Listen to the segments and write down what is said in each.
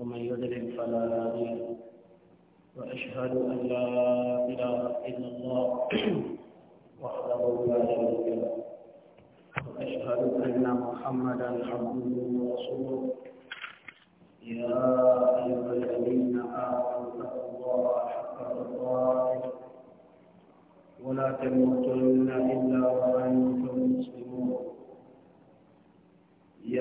ومن يضلل فلا هادي وأشهد أن لا إله إلا الله وحده لا شريك له وأشهد أن محمدا عبده ورسوله يا أيها الذين آمنوا اتقوا الله حق تقاته ولا تموتن إلا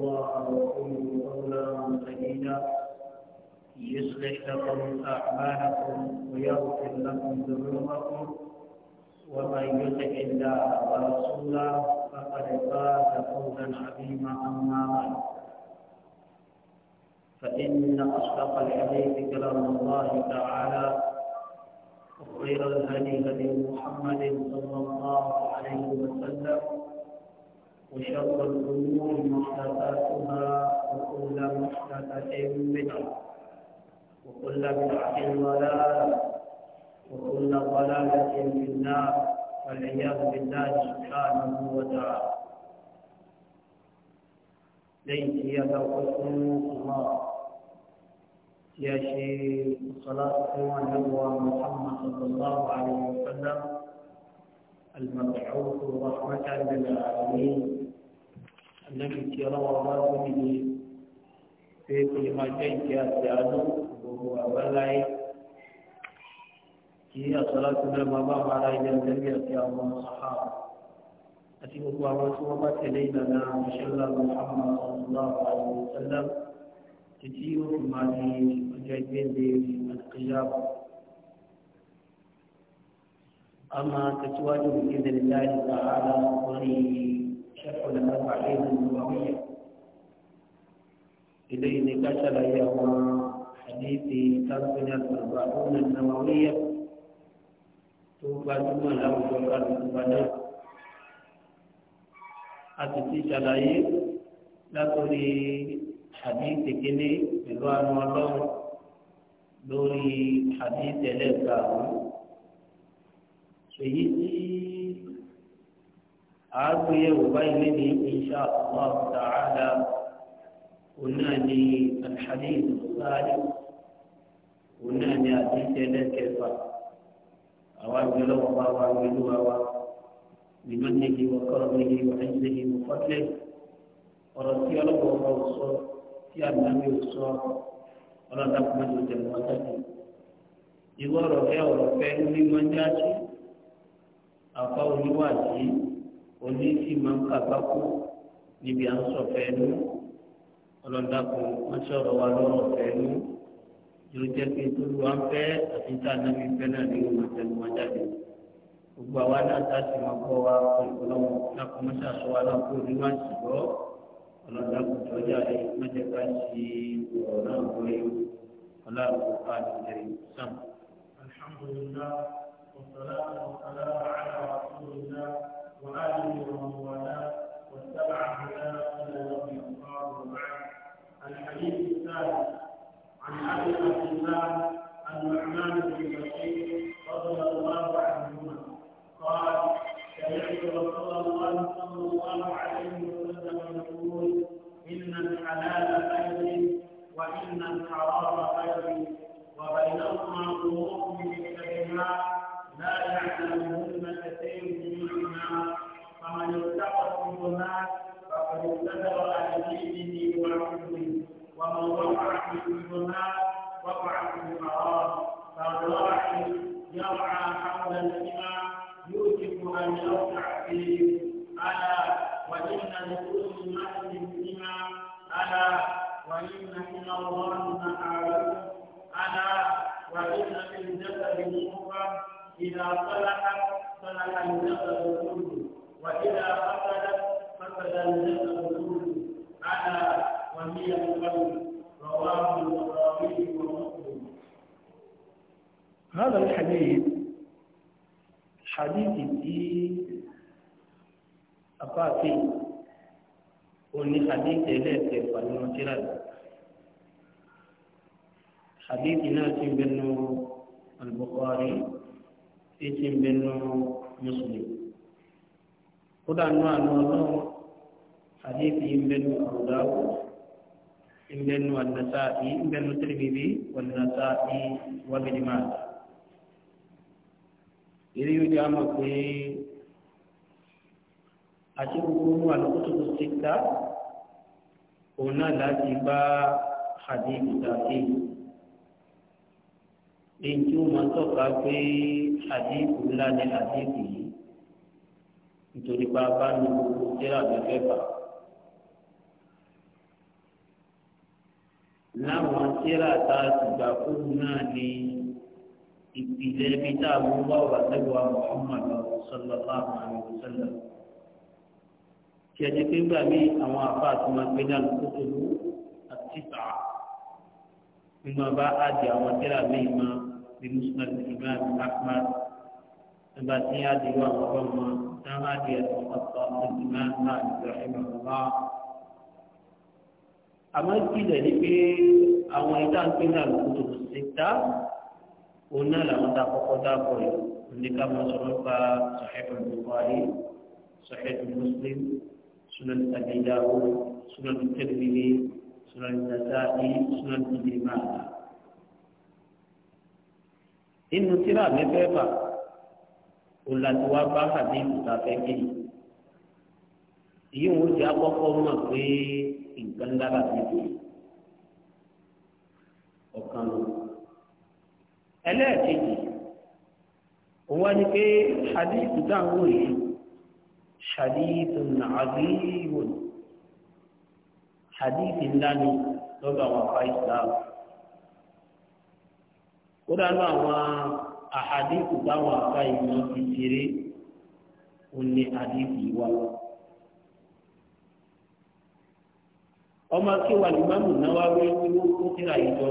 الله وقولوا قولا سديدا يصلح لكم أعمالكم ويغفر لكم ذنوبكم ومن يطع الله ورسوله فقد فاز فوزا عظيما أما بعد فإن أصدق الحديث كلام الله تعالى وخير الهدي هدي محمد صلى الله عليه وسلم وشر الأمور محدثاتها وكل محدثة بدعة وكل بدعة ضلالة وكل ضلالة في النار والعياذ بالله سبحانه وتعالى ليس يتوقف الله يا شيخ صلاة الله محمد صلى الله عليه وسلم المبعوث رحمة للعالمين الذي ترى وراءه في كل ما جئت يسأله وهو بلاي هي صلاة المبام على إلى النبي يا الصحابة أتي وهو مسومة نعم مشلى محمد صلى الله عليه وسلم تجيء ما جئت به القيامة أما تتواجد بإذن الله تعالى ولشرح الأربعين النووية إليه كشف يوم حديث تنقل الأربعون النووية توفى ثم له ذكر البنات أتتي شلايين لتري حديث كني بلوان والله لوري حديث لك èyí tí àgbéyẹ̀wò báyìí lé ní insha Allah ta'ala òun náà ní alhadith sáré òun náà ní àdéhùn ẹlẹ́kẹfà àwa gbẹlẹ́ wọn bá wa gbẹlú wa wa bimanihi wa karamihi wa ẹ̀jẹ̀hi wa fadlihi ọ̀rọ̀ tí ọlọ́wọ́ ọba ò sọ tí àgbàmì ò sọ ọlọ́dàkùnrin ò tẹ̀wọ́ sẹ́yìn. ìwọ ọ̀rọ̀ fẹ́ ọ̀rọ̀ fẹ́ ní wọ́n já afá oníwàásí oníṣì máa ń kàgbákò níbi à ń sọ̀fẹ́ ẹnu ọlọ́dàkùn wọ́n sọ̀rọ̀ wa lọ́rọ̀ fẹ́ ẹnu yóò jẹ́ pé tóbi wá ń fẹ́ àti tá a nábì fẹ́ náà ní ìwọ̀n àtẹnu wọn jáde gbogbo àwa náà tá a sì máa kọ́ wa ọlọ́wọ́ lákùn mọ́ṣá sọ wa lákùn oníwàásí gbọ́ ọlọ́dàkùn tó jáde mọ́jẹ́ ká sí ọ̀rọ̀ náà wọlé ọlọ́run kò fà á nìyẹn sàn. alhamdulillah. والصلاة والسلام على رسول الله وآله ومن والاه واتبع هداه إلى يوم القيامة وبعد الحديث الثالث عن أبي عبد الله النعمان بن بشير رضي الله عنهما قال سمعت رسول الله صلى الله عليه وسلم يقول إن الحلال خير وإن الحرام خير وبينهما ظروف من الكلمات الناس فقد اقتدر على دينه وعلمه ومن وقع في الناس وقع في الحرام فالراعي يرعى حول الحمى يوجب ان يرجع فيه الا وان لكل نفس حمى الا وان حمى الله تعالى الا وان في الجسد شوكا اذا صلحت صلح الجسد كله واذا فسدت هذا الحديث حديث في أقاتي وني حديث إليك فالمترد حديث ناس بنو البخاري اسم بنو مسلم kódà nù àná hadithi mbenu Abu Dawud mbenu An-Nasa'i mbenu Tirmidhi Wan-Nasa'i wa Ibn Majah ilé yóò jẹ́ àmọ̀ pé àti gbogbo ohun àlùkòtòkò ti ta òun náà láti bá hadithi dàkè èyí tí ó máa tọ́ka pé hadithi ńlá ni hadithi yìí nítorí bá a bá nu gbogbo jẹ́rà lẹ́fẹ̀ẹ́ bàá. láwọn tíra tá a sì gbà kúrú náà ní ìpìlẹ̀ ibi tá a mú bá wà lẹ́wọ̀ Muhammad sallallahu alaihi wasallam. kí ẹ ti pé gbà mí àwọn àfáà máa gbé náà lóko tó lù àti tà nígbà bá a àwọn tíra míì máa bí Musnad Imam Ahmad nígbà tí a di wọn àwọn ọmọ náà a di ẹ̀sán ọ̀sán ìgbìmọ̀ náà ìgbà ìmọ̀ náà àmọ́ ìpìlẹ̀ ni pé àwọn ẹ̀dá ń pè ní àlùkòtò ṣèta òun náà làwọn tá a kọ́kọ́ dáàbọ̀ yìí oníkà máa sọ nípa sahihul Bukhari sahihul Muslim sunan Abi Dawud sunan Tirmidhi sunan Nasa'i sunan Ibn Majah. inú tíra mẹ́fẹ̀ẹ̀fà olùdàtúwà bá hadith tàfẹ́ kéyì èyí wọn ó di akọ́kọ́ mọ̀ nǹkan ńlá bá ti dùn ọ̀kan lọ. ẹlẹ́ẹ̀kejì òun wá ní pé hadith dáhùn yìí hadith nàágìrìwò hadith ńlá ni lọ́dọ̀ àwọn afá islam ó dánú àwọn ahadith táwọn afá yìí ti ṣeré ó ní hadith yìí wá ọmọ kí wà lùmọ́mù náà wá wí ní wọ́n kó síra ìjọ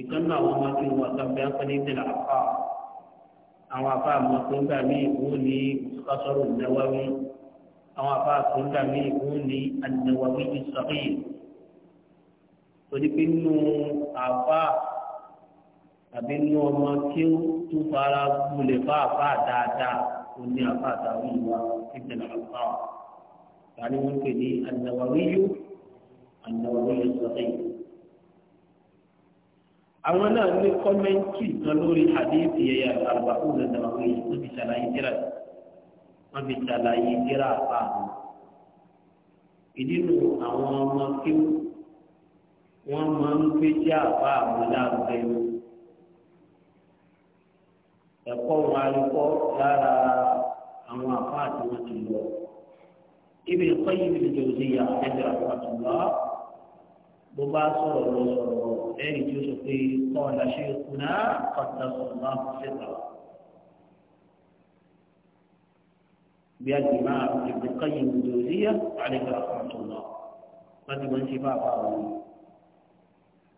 ìkan náà àwọn ọmọ kí wọ́n kan bí wọ́n ní ìdílé àpá àwọn àpá àmọ́ tó ń gbà mí ìwọ́n ní kọ́sọ́rọ̀ náwáwí àwọn àpá tó ń gbà mí ìwọ́n ní àdínáwáwí ìsọ̀rìyì torí pé nínú àpá àbí nínú ọmọ kí ó fara gbolẹ̀ fún àpá dáadáa ó ní àpá àtàwọn ìwà ìdílé àpá tani wọn pè ní àdínáwáwí yóò. النووي الصغير àwọn náà ní kọ́mẹ́ǹtì kan lórí hadithi ẹ̀yà àrùbáwò lẹ́dàwọ̀ yìí wọ́n fi ṣàlàyé tíra wọ́n fi ṣàlàyé tíra àpá àwọn. ìdínú àwọn ọmọ kí wọ́n máa ń gbé tí àpá àwọn lárugẹ wọn. ẹ̀kọ́ wọn arúgbó lára àwọn àpá àti wọn ti lọ. ibi ìkọ́yìn ìbìlẹ̀ òsì yà ẹ̀dẹ̀rẹ̀ àpàtúndà. bó bá sọ̀rọ̀ lọ sọ̀rọ̀ ẹ̀rì tí ó sọ pé kọ́ọ̀lá ṣe é kúná kọ́tà sọ̀rọ̀ máa kọ́ sí ìtàwọ̀. bí a gbìmọ̀ Ibn Qayyim al-Jawziyya alayhi rahmatullah wọ́n ti wọ́n ti bá a bá wọn.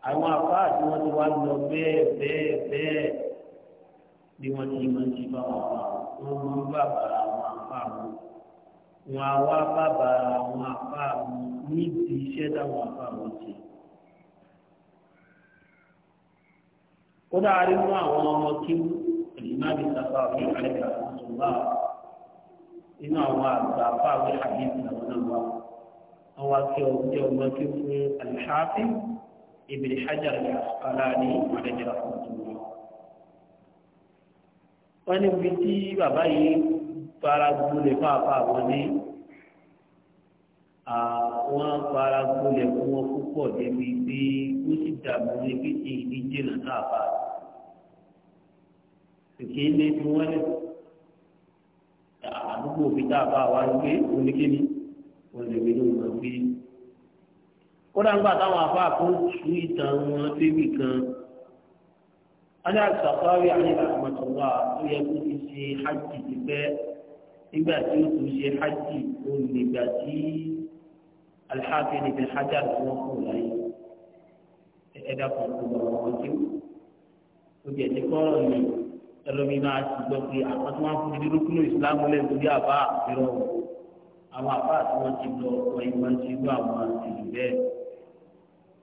àwọn afáà tí wọ́n ti wá lọ bẹ́ẹ̀ bẹ́ẹ̀ bẹ́ẹ̀ bí wọ́n ti máa ti bá wọn bá wọ́n máa ń àwọn afáà wọn wọn á wá bá àwọn afáà wọn níbi iṣẹ́ táwọn afáà wọn ti. kódà rí mú àwọn ọmọ kí ìmáàbí sàfà fún àlẹ́kà àtúntò inú àwọn àgbà fáwé àdéhùn àwọn náà wà wọn wá kí ọ jẹ ọmọ kí fún alhafi ibn hajar al-asqalani àlẹ́kà àtúntò wọn ní bí tí bàbá yìí fara gbolẹ̀ fáfá wọn ní àwọn fara gbolẹ̀ fún wọn púpọ̀ débi pé ó sì dàbí ní pé èyí ní jìnnà náà fáfá kìkì lé tí wọ́n lẹ̀ àdúgbò bí tá a bá wa gbé oníkéni wọ́n lè gbé lóun náà gbé. kódà ńgbà táwọn afá kan tú ìtàn wọn débì kan alẹ́ àtàkọ́rí àyè àmọ̀tọ́wà tó yẹ kó fi ṣe hajj ti nígbà tí ó tún ṣe hajj ó nígbà tí alhafi níbi hajj àti kò láyé ẹ̀dá kan tó lọ́wọ́ wọn tí ó jẹ̀ ti kọ́rọ̀ yìí ẹlòmíì náà ti gbọ́ pé àwọn tí wọ́n fún mi lókùnú ìsìlámù lẹ́yìn tó bí àbá àbírọ̀ àwọn àbá tí wọ́n ti lọ wọ́n yìí wọ́n ti lọ àwọn ìlú bẹ́ẹ̀.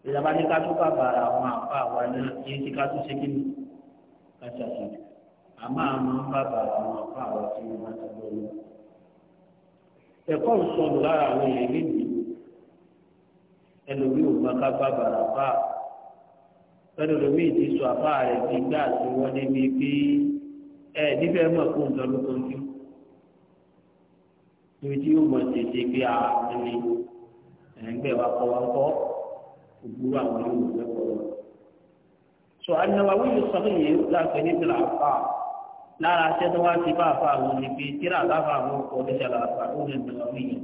ìjọba ní ká tó bàbà àwọn àbá wa náà kí ní ká ṣe kí ni ṣe àṣejù àmọ́ àmọ́ bàbà àwọn àbá wa tí wọ́n ti lọ lọ. ẹ̀kọ́ ìsọnù lára àwọn èèyàn méjì ẹlòmíì ò pẹ̀lú lómi ti sọ àbá rẹ̀ ti gbà tó wọ́n débi pé ẹ nífẹ̀ẹ́ mọ̀ fún nǹkan ló tọ́jú níbi tí yóò mọ̀ tètè pé a ní ẹ̀ńgbẹ́ wa kọ́ wa kọ́ òbúrú àwọn yóò wọ́n kọ́ wọn. sọ anáwó yóò sọ fún yìí láti ní ìlà àfà lára aṣẹ́ tó wá ti bá àfà àwọn ni pé tíra àbáfà àwọn ọkọ̀ ní ṣàlà àfà ó lè mọ̀ lọ́wọ́ yìí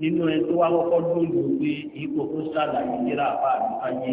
nínú ẹ tó wá kọ́kọ́ dúró lò ipò kó ṣàlàyé tíra àfà àbíkáyé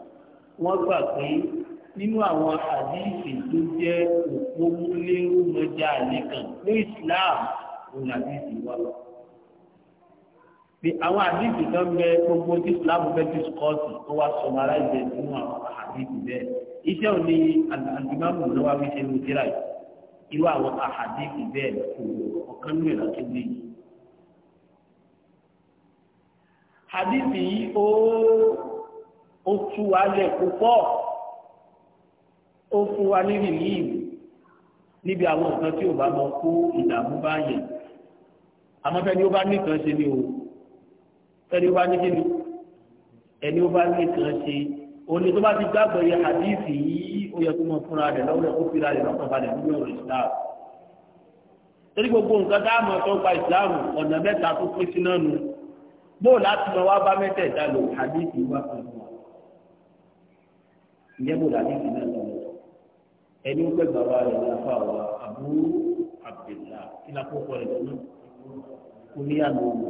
wọ́n gbà pé nínú àwọn àdíìsì tó jẹ́ òpó múlẹ́rùmọ́jà nìkan ní Islam òun àdíìsì wà lọ. pé àwọn àdíìsì kan bẹ gbogbo tí Islam fẹ́ discourse tó wá sọmara ìjẹ nínú àwọn àdíìsì bẹ́ẹ̀. iṣẹ́ òní àdìmọ́mù ló wá fi ṣe ní ìdíra yìí irú àwọn àdíìsì bẹ́ẹ̀ kò ọ̀kan nínú ìlà tó gbé yìí. àdíìsì yìí ó ó tú wa lẹ̀ púpọ̀ ó fún wa ní rìlíìmù níbi àwọn nǹkan tí ò bá mọ kó ìdààmú bá yẹn àmọ́ fẹ́ni ó bá nìkan ṣe ni o fẹ́ni ó bá ní kíni ẹni ó bá nìkan ṣe òní tó bá ti gbàgbọ́ yẹ àdìsí yìí ó yẹ kó mọ fúnra rẹ̀ lọ́wọ́ yẹ kó fira rẹ̀ lọ́kàn balẹ̀ nínú ọ̀rọ̀ ìsìláàmù torí gbogbo nǹkan dáàmú tó gba ìsìláàmù ọ̀nà mẹ́ta tó pín sí náà bóòlù àti mọ wá bá mẹ́tẹ̀ẹ̀dá lò àdìsí wá pẹ̀lú ìyẹ́bù làbí ìdí náà lọ ẹni wọ́n pẹ́ bàbá rẹ̀ ní afa wa Abu Abdullah kí ni akókò rẹ̀ tó kúrí àná wò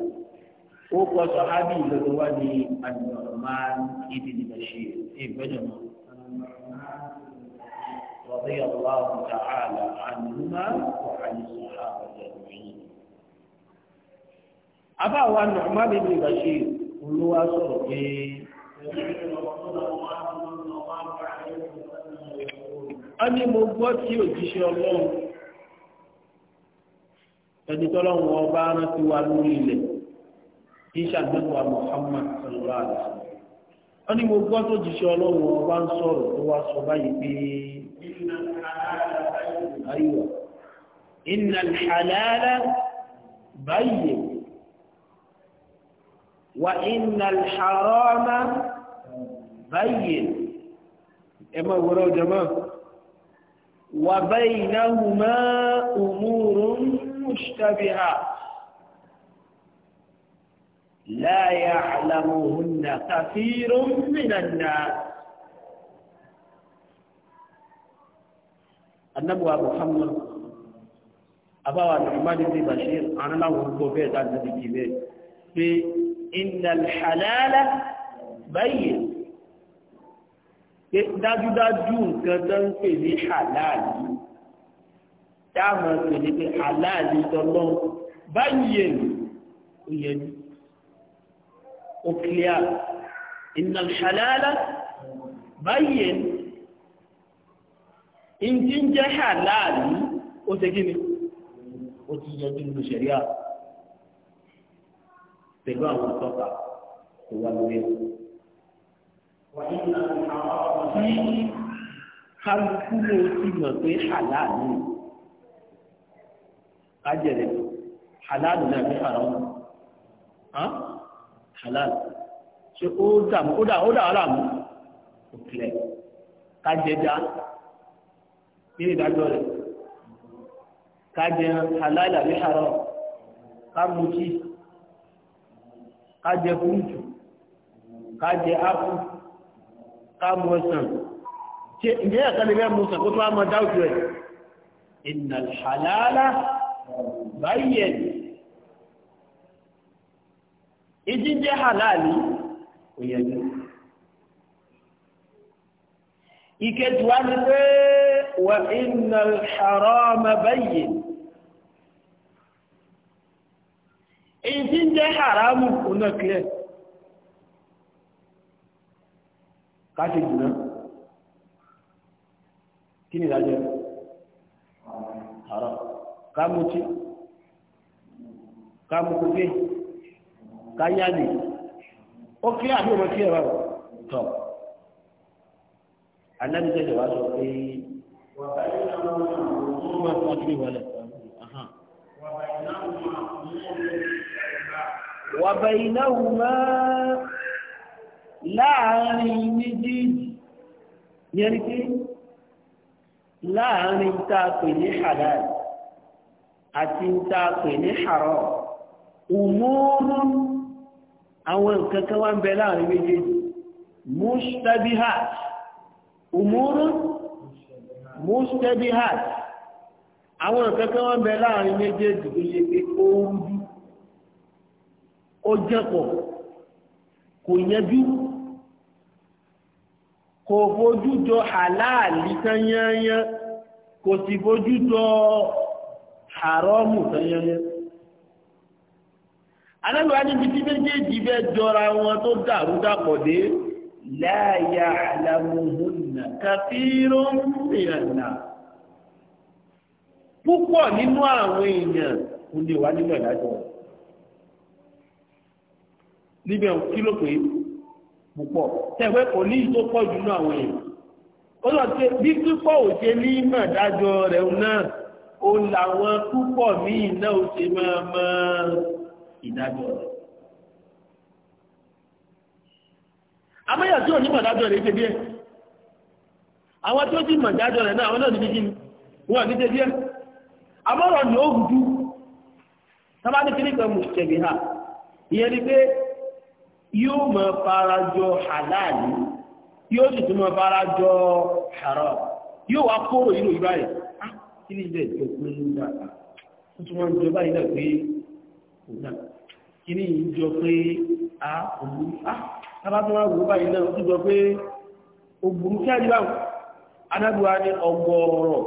ó kọ sọ̀hábì ìlọ́dọ̀ wá ní An-Nu'man ibn Bashir ìgbẹ́jọ̀ náà. رضي الله تعالى عنهما وعن الصحابة أجمعين. أبا ونعمان بن بشير قلوا سرقي a ní mo gbọ́ tí òjíṣẹ́ ọlọ́run ẹni tọ́lọ́run ọba rántí wa lórí ilẹ̀ kí sàgbẹ́kọ̀ wa Muhammad sallallahu alaihi wasallam a ní mo gbọ́ tó jíṣẹ́ ọlọ́run ọba ń sọ̀rọ̀ tó wá sọ báyìí pé inna al bayyin wa inna al bayyin إما وراء جماعة وبينهما أمور مشتبهة لا يعلمهن كثير من الناس النبوة محمد أبا محمد بن بشير أنا لا أقول بيت عن النبي في إن الحلال بين pé dájúdájú nǹkan tó ń pè ní àláàlì dáàmọ̀ pè ní pé àláàlì tọ́lọ́ báyìí èlò ó yẹ ní ó kílíà ìnà ṣàlálà báyìí èlò ìdí ń jẹ́ àláàlì ó ṣe kí ni ó ti yẹ kí ló ṣẹ̀ríà pẹ̀lú àwọn tọ́ka tó wà lórí ẹ̀kọ́ tí kálukú ló ti mọ̀ pé halálù ajẹ̀rẹ̀ halálù náà fi hàrá wọn halálù ṣe ó dàmú ó dà ó dà ọ́là òkìlẹ̀ kájẹjá nínú ìdájọ́ rẹ̀ kájẹ halálù àbí hàrá kámutí kájẹ kúrútù kájẹ ápù. قاموسن تي يا موسى موسى قلت ما داوت ان الحلال بين اذن جه حلال ويجي يكد ورد وان الحرام بين إن جه حرام هناك له káṣe jùlọ kí ni ìdájọ́ àrọ kámútí kámúkúké káyáàlì ó kí àbí ọmọ kí ẹ̀rọ tọ alábìtẹ́jọ wa sọ pé wọ́n máa fọ́n kí wọlé wàbẹ̀yìnáwó máa láàrin méjèèjì yẹn pé láàrin tá a pè ní halal àti tá a pè ní haram òmùrù àwọn nǹkan kan wá ń bẹ láàrin méjèèjì mustabihat òmùrù mustabihat àwọn nǹkan wá ń bẹ láàrin méjèèjì tó ṣe pé ó bí ó jẹ́pọ̀ kò yẹjú kò fojú jọ àláàlì tán yányán kò sì fojú jọ àrọ́mù tán yányán anáwó níbi tí méjèèjì bẹ́ jọra wọn tó dàrú dàpọ̀ dé láyà àlàmùhùnà kàfíró ìrànà púpọ̀ nínú àwọn èèyàn kò lè wá nílẹ̀ níbẹ̀ kí ló pé púpọ̀ tẹ̀wé kò ní ìtó pọ̀ jù náà àwọn èèyàn ó lọ sí bí púpọ̀ ò ṣe ní mọ̀ dájọ́ rẹ̀ náà ó làwọn púpọ̀ míì náà ó ṣe máa mọ ìdájọ́ rẹ̀ amáyà tí ò ní mọ̀ dájọ́ rẹ̀ ṣe díẹ̀ àwọn tí ó ti mọ̀ dájọ́ rẹ̀ náà àwọn náà ní bíbí wọn ní ṣe díẹ̀ àmọ́rọ̀ ni ó gùdú tábà ní kíníkan mùsùlùmí ha ìyẹn ni pé yóò mọ farajọ halali yóò sì tún mọ farajọ haram yóò wá kóró yìí lóyún báyìí ah kí ni ilé ìjọ pé ló dà á ó tún máa ń jọ báyìí náà pé kò náà kí ni ìjọ pé ah, ah, a kò mú a tábàtún wá wò báyìí náà ó tún jọ pé ògbùn kẹ́rì báwọn adágbéwá ní ọgọ́rọ̀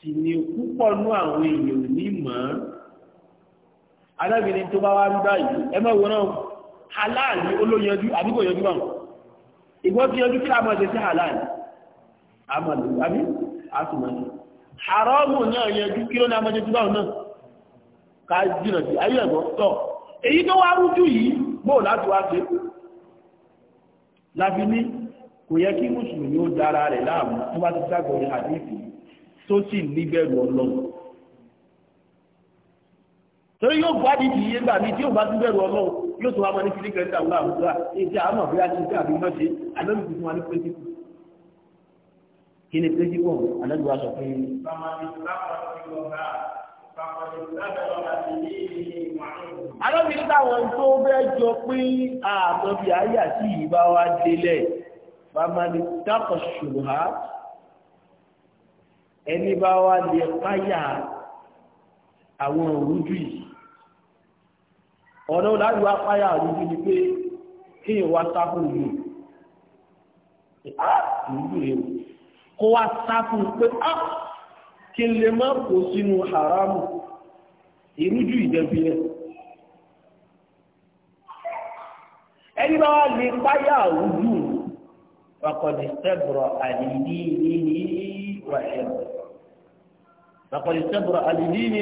sì ni púpọ̀ nú àwọn èèyàn ní mọ́ adágbéni tó bá wá ń báyìí ẹ mọ̀ wọ́n náà halal olóyanjú àbí kò yanjú báwọn ìgbọ́ tí yanjú kí a máa ṣe sí halal àmàlù àbí àtùmọ̀lù haramu náà yanjú kí ló ní a máa ṣe sí báwọn náà ká jìnà sí ayé ẹ̀gbọ́ tọ́ èyí tó wá rújú yìí bó láti wá ṣe láfi ní kò yẹ kí mùsùlùmí ó dára rẹ̀ láàmú tó bá ti dágbọ̀ ní àdéhìí tó sì níbẹ̀rù ọlọ́run torí yóò gbádìí ti yé gbà mí tí yóò bá tún bẹ̀rù yóò tó wá máa ní kí ní kẹrin tàwọn àwùjọ ìṣe àmọ̀ bí a ti ṣe àbí mọ́ ṣe àlọ́lù tuntun wa ní pẹ́sìkù kí ni pẹ́sìkù àlọ́lù wa sọ pé. àlọ́bí táwọn tó bẹ́ẹ̀ jọ pé àmọ́ bí àyà sí ìbá wa délẹ̀ bàmánì dákọ̀ ṣùgbọ́n ẹni bá wa lè páyà àwọn òrùjú yìí ọ̀nà láti wá páyà rújú ni pé kí n wá sáfún yìí ìlú ah, rẹ̀ kó wá sáfún pé á ah, kí n lè máa kó sínú haramu ìrújú ìdẹ́bí rẹ̀ ẹni bá wá lè páyà rújú wàkọ̀dì sẹ́bùrọ̀ àdìdí ní wà ẹ̀rọ wàkọ̀dì sẹ́bùrọ̀ àdìdí ní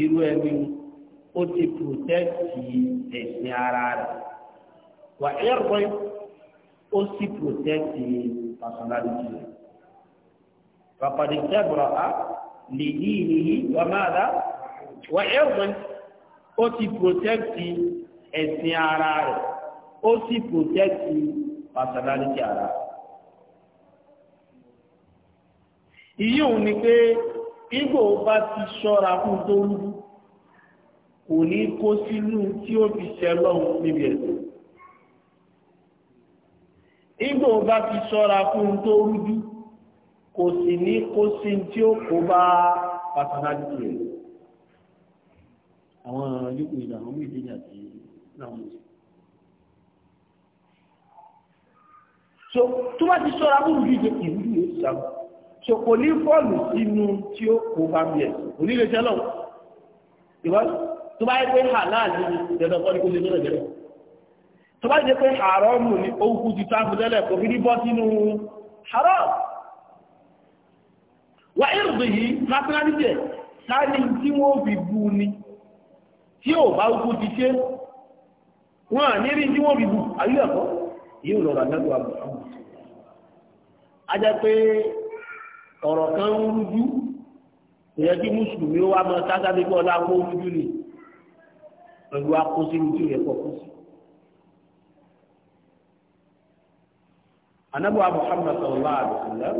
irú ẹ̀mí ó ti protẹ́tì ẹ̀sìn ara rẹ̀ wà ẹ̀rọ ó sì protẹ́tì personality rẹ̀ pàpàdé jẹ́bùrọ̀ á lè yí ìníyí wà máa dá wà ẹ̀rọ ó ti protẹ́tì ẹ̀sìn ara rẹ̀ ó sì protẹ́tì personality ara rẹ̀. ìyí òun ni pé igbó bá ti ṣọ́ra fún tó ń dún kò ní kó sínú tí ó fi ṣẹ lọ́hùn níbi ẹ̀sìn ìgbò bá fi ṣọ́ra fún tó rújú kò sì ní kó sí tí ó kó bá pàtàkì rẹ̀ àwọn yòókù ìdààmú ìdíjà tí náà mú sí so tó bá ti ṣọ́ra fún rújú ìjọ ìrújú yóò sàmù so kò ní fọ́ọ̀lù sínú tí ó kó bá bí ẹ̀sìn kò ní lè tẹ́lọ̀ ìwádìí tó bá yẹ pé halal ní ìdẹ̀dọ̀ kọ́ ní kó lè lọ́rọ̀ ìdẹ̀dọ̀ tó bá yẹ pé haramu ní oókú ti sáfù lẹ́lẹ̀ kò fi ní bọ́ sínú haram wà ìrùdù yìí nationality ẹ̀ sáàni tí wọ́n fi bú ni tí ò bá oókú ti ṣe wọ́n ní rí tí wọ́n fi bú ayé ẹ̀kọ́ lọ́rọ̀ àdájọ́ àbọ̀ ajá tí mùsùlùmí ó wá mọ sáásábí kí ọlá kó rújú nìyí pẹ̀lú akóso ní ìjọ ẹ̀kọ́ kó sí. anabuwa muhammad sallallahu alaihi wa sallam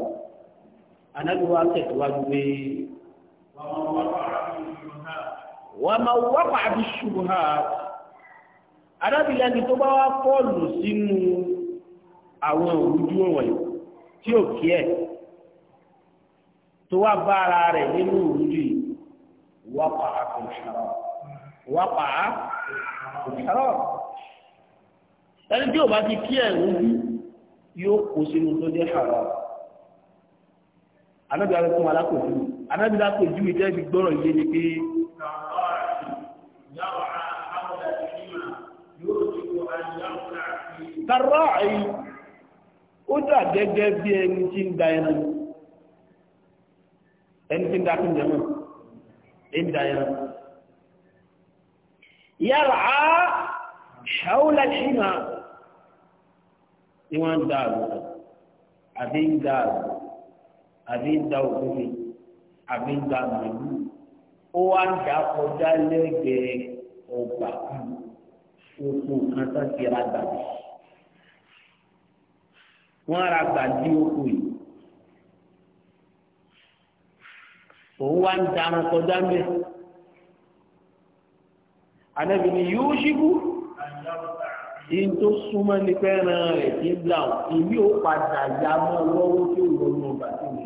anabuwa tẹ̀síwájú pé wọ́n máa wọ́pọ̀ àbí ṣubùhá arábìlẹ́ni tó bá wá fọ́ọ̀lù sínú àwọn òrújú wọ̀nyí tí ò kí ẹ̀ tó wá bá ara rẹ̀ nínú òrújú yìí wọ́pọ̀ wápà ìṣàrọ̀. ẹni tí ò bá ti kí ẹ̀rù bí yóò kó sínú tó jẹ́ ṣàrọ̀. anábì arẹ́kùn alákòjú anábì alákòjú ìjẹ́ ibi gbọ́rọ̀ ilé ni pé tàrọ̀ àyí ó dà gẹ́gẹ́ bí ẹni tí ń da ẹran ẹni tí ń da kí ń jẹ ẹni da ẹran يرعى حول الحمى إيوان دارو أبين دارو أبين دارو أبين دارو ó wá ń dà kọjá lẹ́gbẹ̀ẹ́ ọgbà kan oko kan tó ti ra gbàdé wọ́n ra gbàdé oko yìí òun wá ń darun kọjá mẹ́rin ànábì ni yóò ṣíkú in tó súnmọ́ ní fẹ́ràn rẹ̀ kí n gbà wọn ìmí ò padà ya mọ́ lọ́wọ́ tí ó wọnú ọgbà tí ò lè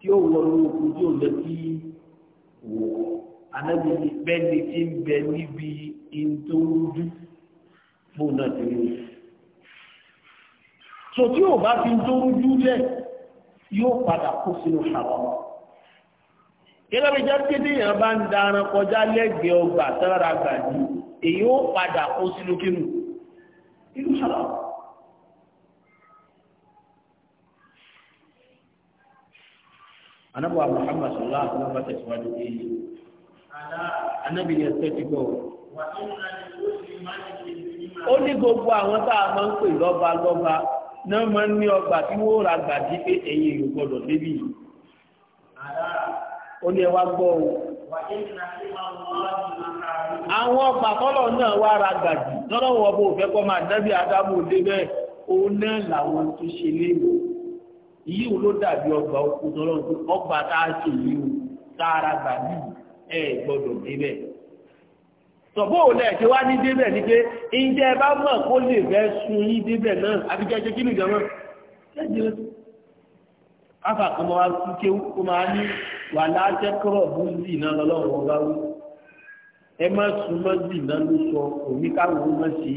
tí ó wọnú oku tí ò lè kí wọ ànábì ni bẹ́ẹ̀ni tí ń bẹ níbi in tó ń dú fóun náà ti rí so tí ò bá fi ń tó ń dú lẹ̀ yóò padà kó sínú ṣàwọn gẹ́gẹ́ bí jẹ́ kéde yẹn bá ń daran kọjá lẹ́gbẹ̀ẹ́ ọgbà tẹ́lára gbàdí èyí ó padà kó sínú kínú inú sọ́lá. anabuwa muhammad sallallahu alaihi wa sallam bata tiwa duk eyi anabi ni ẹsẹ ti gbọ́. ó ní gbogbo àwọn tá a máa ń pè lọ́ba lọ́ba náà máa ń ní ọgbà tí wọ́n ra gbàdí pé ẹ̀yìn ìrògbọ́dọ̀ débi oní ẹwà gbọ́ o. àwọn ọgbà kọ́lọ̀ náà wá ra gàjì lọ́dọ̀ wọ́n bó fẹ́ kọ́ máa dábì àdábò dé bẹ́ẹ̀ òun náà làwọn tó ṣe léèwọ̀ yìí ò ló dàbí ọgbà oko tọ́lọ́run tó ọgbà tá a ṣe yìí o tá a ra gàjì ẹ gbọ́dọ̀ dé bẹ́ẹ̀. sọ̀bọ́ ò lẹ̀ ṣe wá ní débẹ̀ ni pé ǹjẹ́ ẹ bá mọ̀ kó lè fẹ́ sun yín débẹ̀ náà àbíkẹ́ ṣe kí káfà kan máa kú kéwú kó máa ní wà láàjẹ́ kọ́rọ̀ bú sí iná lọ́wọ́ ọba wú ẹ má sùn mọ́ sí iná ló sọ òní káwọn ó má ṣe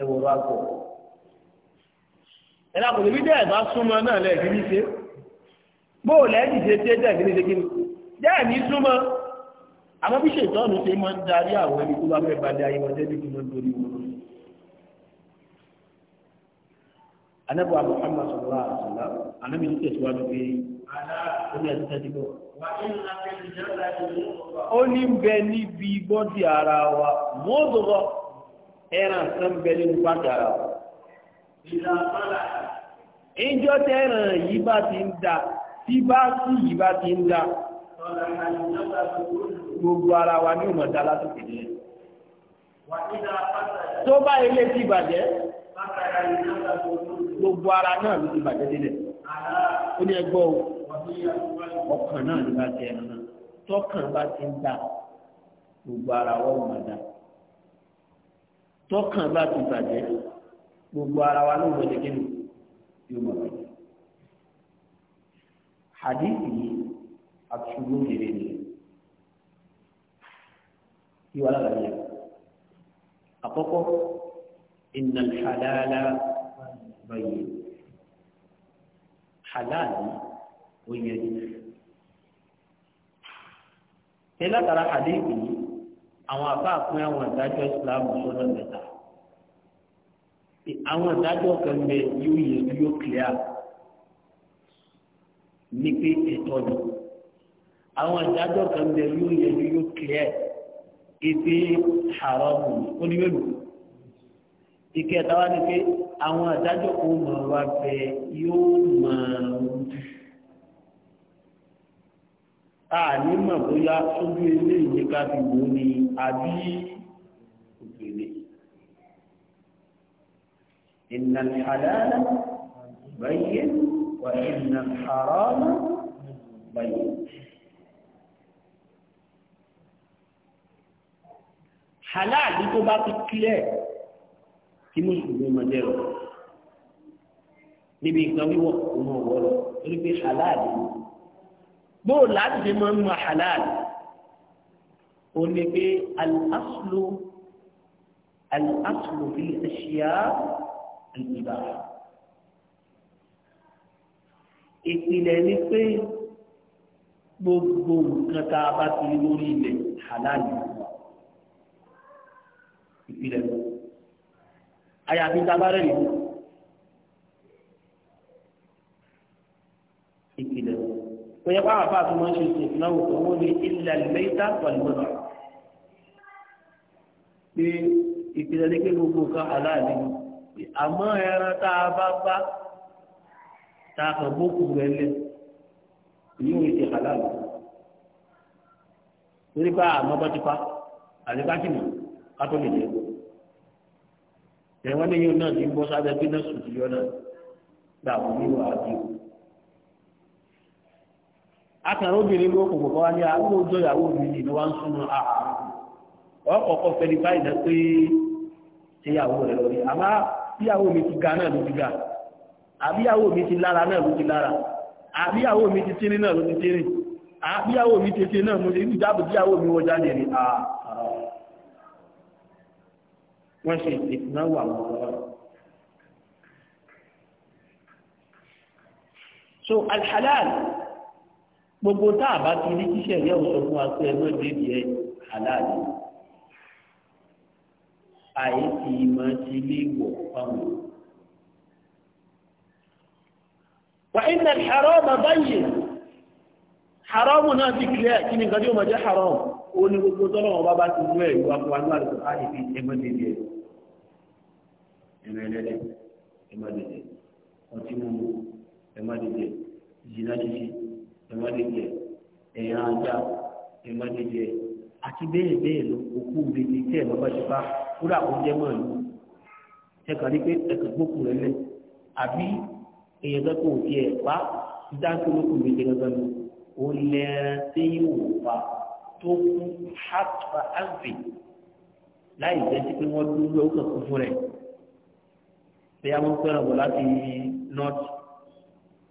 ẹwọ́ wa pọ̀ ẹ lákòó níbi dẹ́ ẹ̀ bá súnmọ́ náà lẹ́ẹ̀kí ní ṣe bóòlù ẹ̀ dìde tẹ́ ẹ̀kí ní ṣe kí ni dẹ́ ẹ̀ ní súnmọ́ àmọ́ bí ṣètọ́nù ṣe máa ń darí àwọn ẹni tó bá fẹ́ balẹ̀ ayé wọn jẹ́ bí kí wọ́n dorí wọn anabu abu muhammad sallallahu alaihi wa sallam anabi ní tẹ̀síwájú pé ó ní ẹ̀sìn tẹ́tí bọ̀. ó ní bẹ níbi bọ́dì ara wa mọ́tòkọ́ ẹran kan bẹ nínú bọ́dì ara wa. ìjọ tẹ́ràn yìí bá ti ń da tí bá sí yìí bá ti ń da gbogbo ara wa ní òmọ̀dá lásìkò yẹn. tó bá ilé ti bàjẹ́ gbogbo ara náà ló ti bàjẹ́ délẹ̀ ó ní ẹgbọ́ ọkàn náà ló bá jẹ ẹran náà tọkàn bá ti ń dà gbogbo ara wọ́n mà dà tọkàn bá ti bàjẹ́ gbogbo ara wa ló wọlé kí ni yóò mọ̀ bàjẹ́ hadithi yìí àtúgbò yèrè ni yíwá lára yẹn àkọ́kọ́. إن الحلال بين حلال ويجب tẹ́lá ترى hadithi àwọn afáàpin àwọn ìdájọ́ islam sọ́nà mẹ́ta àwọn ìdájọ́ kan bẹ yóò yẹ kí yóò kílíà ní pé ẹ̀tọ́ ni àwọn ìdájọ́ kan bẹ yóò yẹ kí yóò kílíà ètè haram oníwèlú ìkẹta wá ní pé àwọn àdájọ́ kò mọ̀ wá bẹ yóò mọ̀ a ní mọ̀ bóyá sójú ilé ìyẹ́ká fi wò ni àbí òkè ilé. إن الحلال بين وإن الحرام بين halal tó bá ti kílẹ̀ kí mùsùlùmí máa jẹ́ o níbi nǹkan wíwọ̀ kò mọ̀ wọ́ lọ torí pé halali bóò láti ṣe máa ń mọ halali ó ní pé al-aslu al-aslu fi al-ashya al-ibaha ìpìlẹ̀ ni bi al aslu al aslu fi al ashya al ibaha ipile ni pe gbogbo nǹkan tá a bá ti lórí ilẹ̀ halali ìpìlẹ̀ lọ. àyàfi tabarẹ́ nìyí. ìpìlẹ̀ kò yẹ kó àwọn afáàtú máa ń ṣe ìsìn náà wò wọ́n ní ilẹ̀ àlùmẹ́ta pàlùmọ́nà pé ìpìlẹ̀ ní pé gbogbo nǹkan aláàbí àmọ́ ẹran tá a bá bá tá a kàn bókù rẹ̀ lẹ̀ yóò ní ti aláàbí torí pé àmọ́ bá ti pa àti bá ti mọ̀ ká tó lè jẹ́ ẹ̀wọ́n ní yóò náà ti bọ́ sábẹ́ pé náà sùn yọ náà gbà wọ́n nínú àbí o. akàrà obìnrin ló kò kọ́kọ́ wá ní àwọn ọjọ́ ìyàwó mi ni wọ́n ń súnmọ́ àhà ọkọ̀ọ̀kọ̀ fẹ́ni báyìí náà pé ṣéyàwó rẹ̀ lọ rí àmọ́ bíyàwó mi ti ga náà ló ti ga àbíyàwó mi ti lára náà ló ti lára àbíyàwó mi ti tírín náà ló ti tírín àbíyàwó mi tètè náà mo lè rí ìjábò bíyàwó mi ah, ah. wọ́n jáde rí náwó àwọn ọlọ́rọ̀. so alhalal gbogbo tá a bá ti rí kíṣẹ́ ìyá òsọ fún wa pé ẹgbẹ́ bèbí ẹ halal àyè ti máa ti lé wọ̀ fáwọn. wà ní alhàrọ́ bàbá yìí haramu náà ti kílẹ̀ kí ni nǹkan tí ó máa jẹ́ haramu ó ní gbogbo tọ́lọ́wọ́n bá bá ti mú ẹ̀ ìwà fún wa ní àlùkò àyè fi ẹgbẹ́ bèbí ẹ̀ ẹnu ẹlẹ́dẹ̀ ẹ má dìde ọtí mímu ẹ má dìde zina ṣíṣe ẹ má dìde ẹ̀yà ajá ẹ má dìde àti bẹ́ẹ̀ bẹ́ẹ̀ lọ òkú bèbè tẹ́ ẹ̀ bàbá ṣe bá kúrò àkójẹ́ mọ́ ẹ̀ ẹ kàn rí pé ẹ kàn gbókù rẹ lẹ àbí kò tiẹ̀ pa dáńtó lókùn bèbè gangan lọ ó lẹ́ẹ̀rẹ́ tí yóò wà tó kú pé wọ́n dúró ó kàn bí a wọ́n fẹ́ràn bọ̀ láti north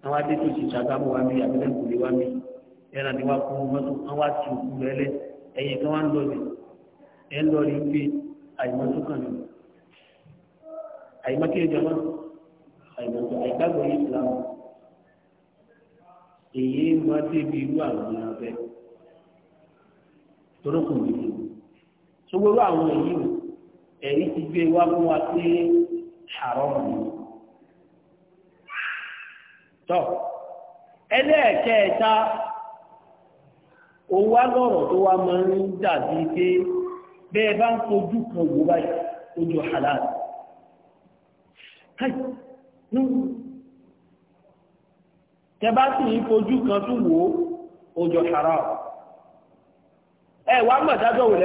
àwọn adétò ti ṣàgámù wa mi àbílẹ̀ kùlé wa mi ẹran ni wa kú mọ́tò wọn wá ti òkú rẹ lẹ ẹ̀yìn kan wá ń lọ rí ẹ̀ ń lọ rí pé àìmọ́tò kan ní àìmọ́tò ìjọba àìmọ́tò àìgbàgbọ́ ìsìlámù èyí máa débi irú àwọn ọmọ abẹ́ torókùn yìí sọgbọ́n àwọn èyí ẹ̀rí ti gbé wá fún wa pé haram ni. tọ́ ẹlẹ́ẹ̀kẹta owó alọ́rọ̀ tó wá máa ń dàbí pé bẹ́ẹ̀ bá ń fojú kan wò báyìí ojú halal káì ní tẹbá sì ń fojú kan tún wò ojú haram ẹ wá mọ̀ dájọ́ wò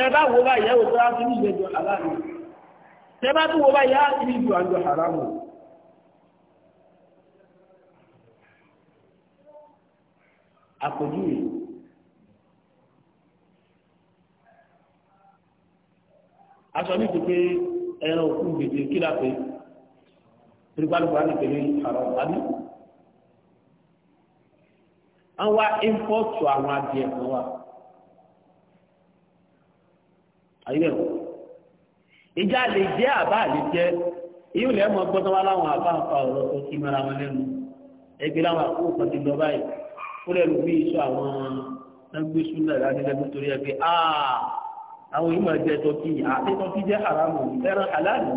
tẹ́ bá wo bá ìyàwó tó á fi ní ìjẹjọ aláàrùn tẹ́ bá tó wo bá ìyá ní ìjọ àjọ haramu àpòjúwe aṣọ ní ìpè ẹran òkú gbèdé kí pé tìrìbálùbá ní pèlè haramu àbí àwọn import àwọn adìẹ kan wà. ayé wọn ìjà lè jẹ́ àbá lè jẹ́ ìyún lẹ́ mọ gbọ́dọ̀ wá láwọn àbá àfa ọ̀rọ̀ tó kí mara wọn lẹ́nu ẹgbẹ́ láwọn àkókò kan ti lọ báyìí fúlẹ̀ lù mí sọ àwọn nàgbé súnà ìdánilẹ́gbẹ́ torí ẹgbẹ́ áà àwọn yìí máa jẹ tọ́kì àti tọ́kì jẹ́ haramu ẹran aláàlú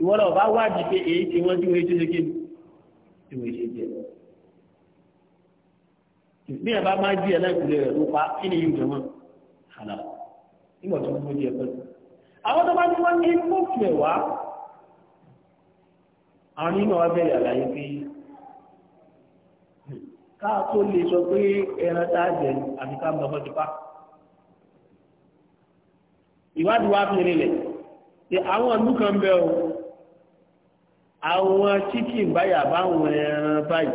ìwọ́n lọ bá wádìí pé èyí tí wọ́n ti wọ́n ti ṣe kí ṣe jẹ bí ẹ bá máa jí ẹ lẹ́kùnrin rẹ̀ ló pa kí ni yóò jẹ wọn haramu nígbà tó ń gbé díẹ̀ pẹ̀lú. àwọn tó bá ní wọ́n ní kóòtù àwọn nínú wa bẹ̀rẹ̀ pé hmm, ká lè sọ pé ẹran tá a ká mọ ọmọdé ìwádìí wa fi rinlẹ̀ ṣe àwọn ọdún kan bẹ́ẹ̀ o àwọn chicken báyà báwọn ẹran báyìí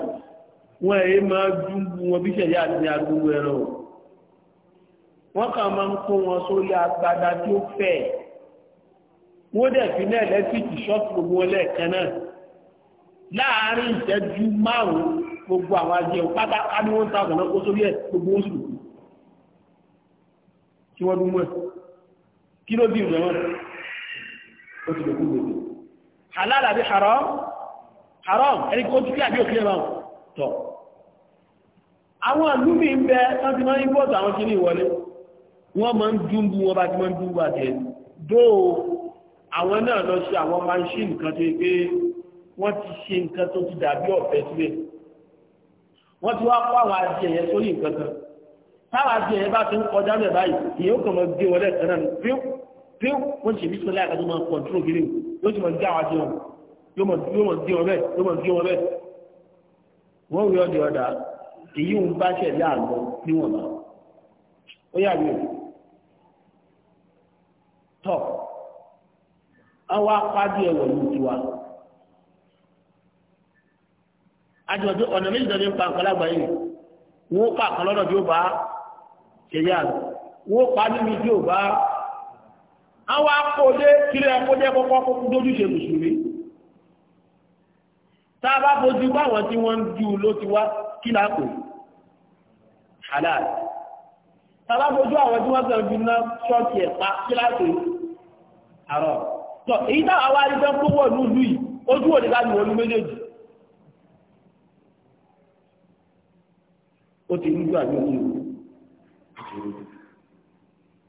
wọ́n èé máa dúró wọn bí ṣẹ̀yà àti agbóhùn ẹran o wọ́n kàn máa ń kó wọn sórí agbada tí ó fẹ̀ wọ́n dẹ̀ fi náà lẹ́sìkì ṣọ́ọ̀tù gbogbo wọn lẹ́ẹ̀kan náà láàárín ìṣẹ́jú márùn-ún gbogbo àwọn ajẹun pátá ní wọ́n tàbí náà kó sórí ẹ̀ gbogbo oṣù tí wọ́n dún mọ́ kí ló bí ìrìnà ó ti lòkú gbogbo halal àbí haram haram ẹni kó tún kí àbí òkè náà tọ̀ àwọn àlúmí ń bẹ tán ti máa ń gbọ́dọ̀ àwọn kiri ìwọlé wọ́n máa ń dúnbù wọn bá ti máa ń dúnbù àtẹ̀ dó àwọn náà lọ ṣe àwọn máṣíìnì kan tó yẹ pé wọ́n ti ṣe nǹkan tó ti dàbí ọ̀fẹ́ sílẹ̀ wọ́n ti wá kó àwọn adìẹ yẹn sórí nǹkan kan táwọn adìẹ yẹn bá ti ń kọjá mẹ́ báyìí ìyẹn ó kàn máa gbé wọlé kan náà píú píú wọ́n ṣe bí sọlá àkàtúntò máa kọ̀ǹtúrò kiri yóò ti máa gbé àwọn adìẹ wọn yóò máa gbé wọn bẹ́ẹ̀ yóò máa gbé wọn bẹ́ẹ̀ wọ́n tọ̀ àwọn apájú ẹ̀wọ̀ ló ti wà. àjọ̀dún ọ̀nà méjì dọ̀dún pa nǹkan lágbàá yìí wọ́n pa àkàn lọ́dọ̀ tí ó bá ṣẹ̀yà wọ́n pa nínú tí ó bá àwọn akóde kiri akóde kọ́kọ́ kó dojú ṣe mùsùlùmí tá a bá fojú báwọn tí wọ́n ń ju ló ti wá kí là á halal tá a bá fojú àwọn tí wọ́n gbẹ̀rù ju náà ṣọ́ọ̀kì ẹ̀ kí là á àrọ̀ tọ èyí táwọn àwa arígbẹ́ kó wọ̀ ní ìlú yìí ojú òde ká lùwọ́ ní méjèèjì ó ti ní gbà ní ìlú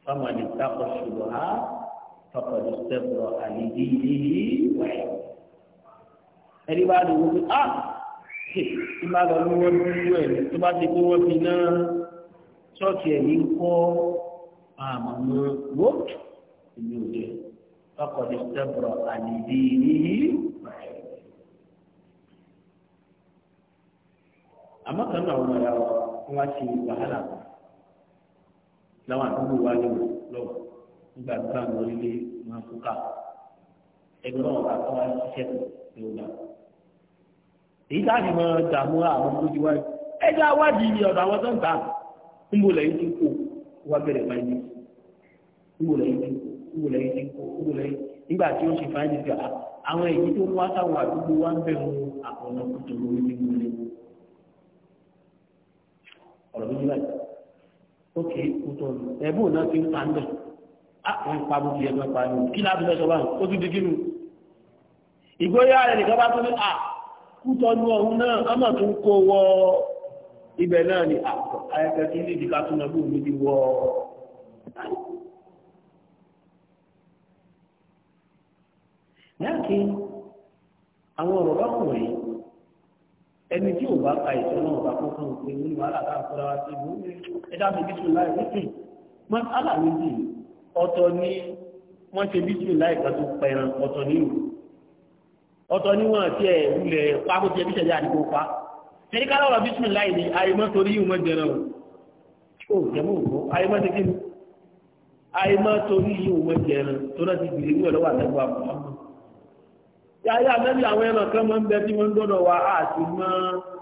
fáwọn ìtakọ̀ ṣùgbọ́n á tọkọ̀dọ̀ sẹ́kọ̀ọ́ àlejò yìí wáyé ẹni bá lè wọ́n fi á ah, tí bá lọ ní wọ́n dúró ẹ̀ tó bá ti kó wọ́n fi náà ṣọ́ọ̀kì ẹ̀ ní kọ́ àmọ́ wọ́n èmi ò jẹ́. فقد استبرأ لدينه àmọ́ kan náà wọ́n ra wọn wá sí wàhálà láwọn àdúgbò wa ní lọ́wọ́ nígbà tó bá ń lọ ilé máa kú ká ẹgbẹ́ náà wà kọ́ wá ṣiṣẹ́ ní ọgbà. èyí táàbì mọ dààmú àwọn kúrò lẹ́yìn tí kó kúrò lẹ́yìn nígbà tí ó ṣe fáyé ti gbà àwọn èyí tó wá sáwọn àdúgbò wá ń bẹ̀rù àkọ́nà kùtù lórí ní wọlé ọ̀rọ̀ méjì báyìí ó kì í kú tọ́nu ẹ̀bùn náà ti ń pa ń bẹ̀ á ah, wọ́n ń pa bó ti yẹ kí wọ́n pa ní kí láti fẹ́ sọ báwọn ó tún di kínú ìgbóyà rẹ̀ nìkan bá tún ní à ah, kú tọ́nu ọ̀hún náà ọmọ tó ń kó wọ ibẹ̀ náà ni àyẹ̀kẹ́ tún ní ìdíkà tún náà bóun ní ti wọ ọ́ láàkín àwọn ọ̀rọ̀ bá wù yìí ẹni tí ò bá ka ìtọ́ náà bá kún fún òpin nínú aláàbá àkúrà wa sí ìlú ẹ̀dá mi bísí láì wípé wọn aláàmì dì ọ̀tọ̀ ni wọ́n ṣe bísí láì kan tó pẹran ọ̀tọ̀ ní ìlú ọ̀tọ̀ ni wọ́n ti ẹ̀ wulẹ̀ pákó tiẹ̀ bíṣẹ̀ dé àdìgbò pa ẹni ká lọ́rọ̀ bísí láì ni àyèmọ́ torí ìwọ̀n jẹran o jẹ́mú òkú àyèmọ́ ti kí ni àyèmọ́ torí ìwọ̀n jẹran tó náà ti gbìyànjú ọ̀lọ́wà lẹ́gbàá tí ayé àtẹ́bí àwọn ẹran kan máa ń bẹ tí wọ́n gbọ́dọ̀ wá àti mọ́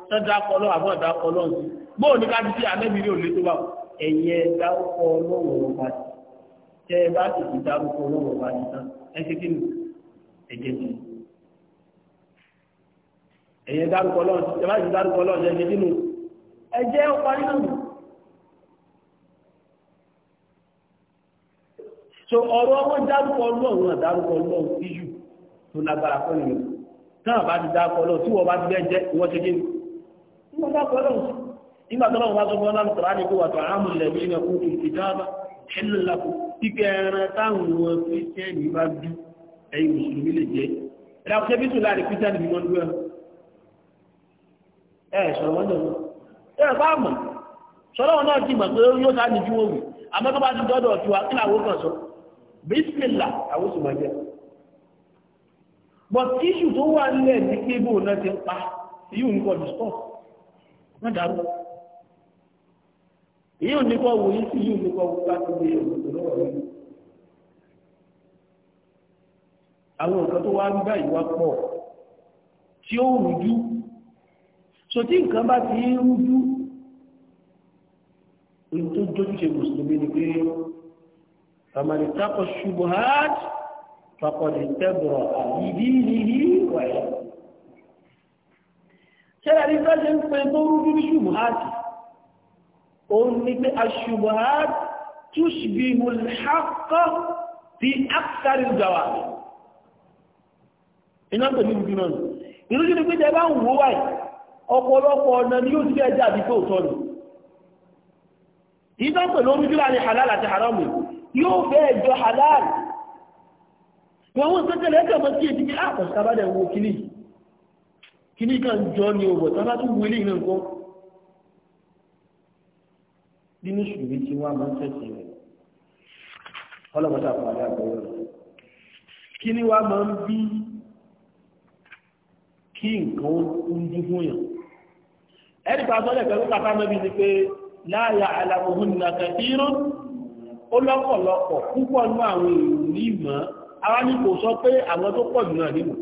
sẹ́dákọlọ́ àbọ̀ ìdákọlọ́ sí bóò ní ká títí àtẹ́bí òlé tó bá ẹ̀yẹ dárúkọ ọlọ́wọ̀ ọba tẹ́ bá sì ti dárúkọ ọlọ́wọ̀ ọba yìí tán ẹ ṣe kí ni ẹ̀jẹ̀ jù ẹ̀yẹ dárúkọ ọlọ́wọ̀ sí ẹ bá sì dárúkọ ọlọ́wọ̀ sí ẹ ṣe ni ẹ̀jẹ̀ ọpa nínú so ọ̀rọ̀ wọn dárúkọ ọlọ́wọ̀ dárúkọ ọlọ́wọ̀ tó lágbára fún ènìyàn táwọn bá ti dákọ lọ tí wọ́n bá ti bẹ́ẹ̀ jẹ́ ìwọ́n ṣe géèmù wọ́n dákọ lọ nígbà tó lọ́wọ́ bá tó fọ́n lánàá kọ́ra ní kó wà tó àmú lẹ́bí ní ẹkún ìtìjáàbá ẹnu lápò pípẹ́ ẹran táwọn wọn fi ṣẹ́ ní bá bí ẹ̀yin mùsùlùmí lè jẹ́ ẹ̀dá kò ṣẹ́bí tó láàrin pítà ní wọn dúró ẹ̀ sọ̀rọ̀ wọn dọ̀rọ̀ ẹ̀ bá mọ̀ sọ̀rọ̀ wọn náà ti mọ̀ pé yóò sá ní ju wọn wù àmọ́ tó bá ti dọ́dọ̀ tiwa kí làwọn kan sọ bísímìlà but tíṣù tó wà nílẹ̀ ní pé bóun náà ti ń pa èyí ò ní kọ́ dùsọ̀ wọ́n dàrú èyí ò ní kọ́ wò yí sí èyí ò ní kọ́ wò bá ti gbé lọ́wọ́ rẹ̀ àwọn nǹkan tó wá ń bá ìwà pọ̀ tí ó rújú so tí nǹkan bá ti ń rújú èyí tó jójú ṣe mùsùlùmí ni pé àmàlìtàkọ̀ ṣubuhat fàkọ̀dì tẹ́bùrọ̀ àìdíhìí wàyẹ̀. ṣẹ́lá ní sọ́jẹ́ ń pẹ tó rú bí ṣubuhati o ní pé a ṣubuhati túṣbí mulhaqqa fi akthar al-jawab iná pẹ̀lú ìrújú náà ìrújú ni pé bá ń wó wáyé ọ̀pọ̀lọpọ̀ ọ̀nà ni yóò sí ẹjẹ́ àbí tó tọ́ ni ìdán pẹ̀lú orújú láàrin halal àti haram yóò fẹ́ ẹjọ́ halal wọ́n wọ́n sẹ́tẹ̀lẹ̀ ẹ́kà mọ́ sí èdè pé àpọ̀ ah, sábádẹ̀ wo kìíní kìíní kan jọ ní ọgbọ̀ tàbá tún wú ilé ìrìn kan nínú ṣùgbọ́n tí wọ́n máa ń tẹ̀sí rẹ̀ ọlọ́pàá àpàdé àgbọ̀wọ́ rẹ̀ kìíní wá máa ń bí kí nǹkan ń dún fún yàn ẹni pa sọ́lẹ̀ pẹ̀lú kàtà mẹ́bí ni pé láàyà àlàmùhùn nàkàtírún ó lọ́pọ̀lọpọ̀ púpọ̀ àwọn ní kò sọ pé àwọn tó pọ̀ jù náà nínú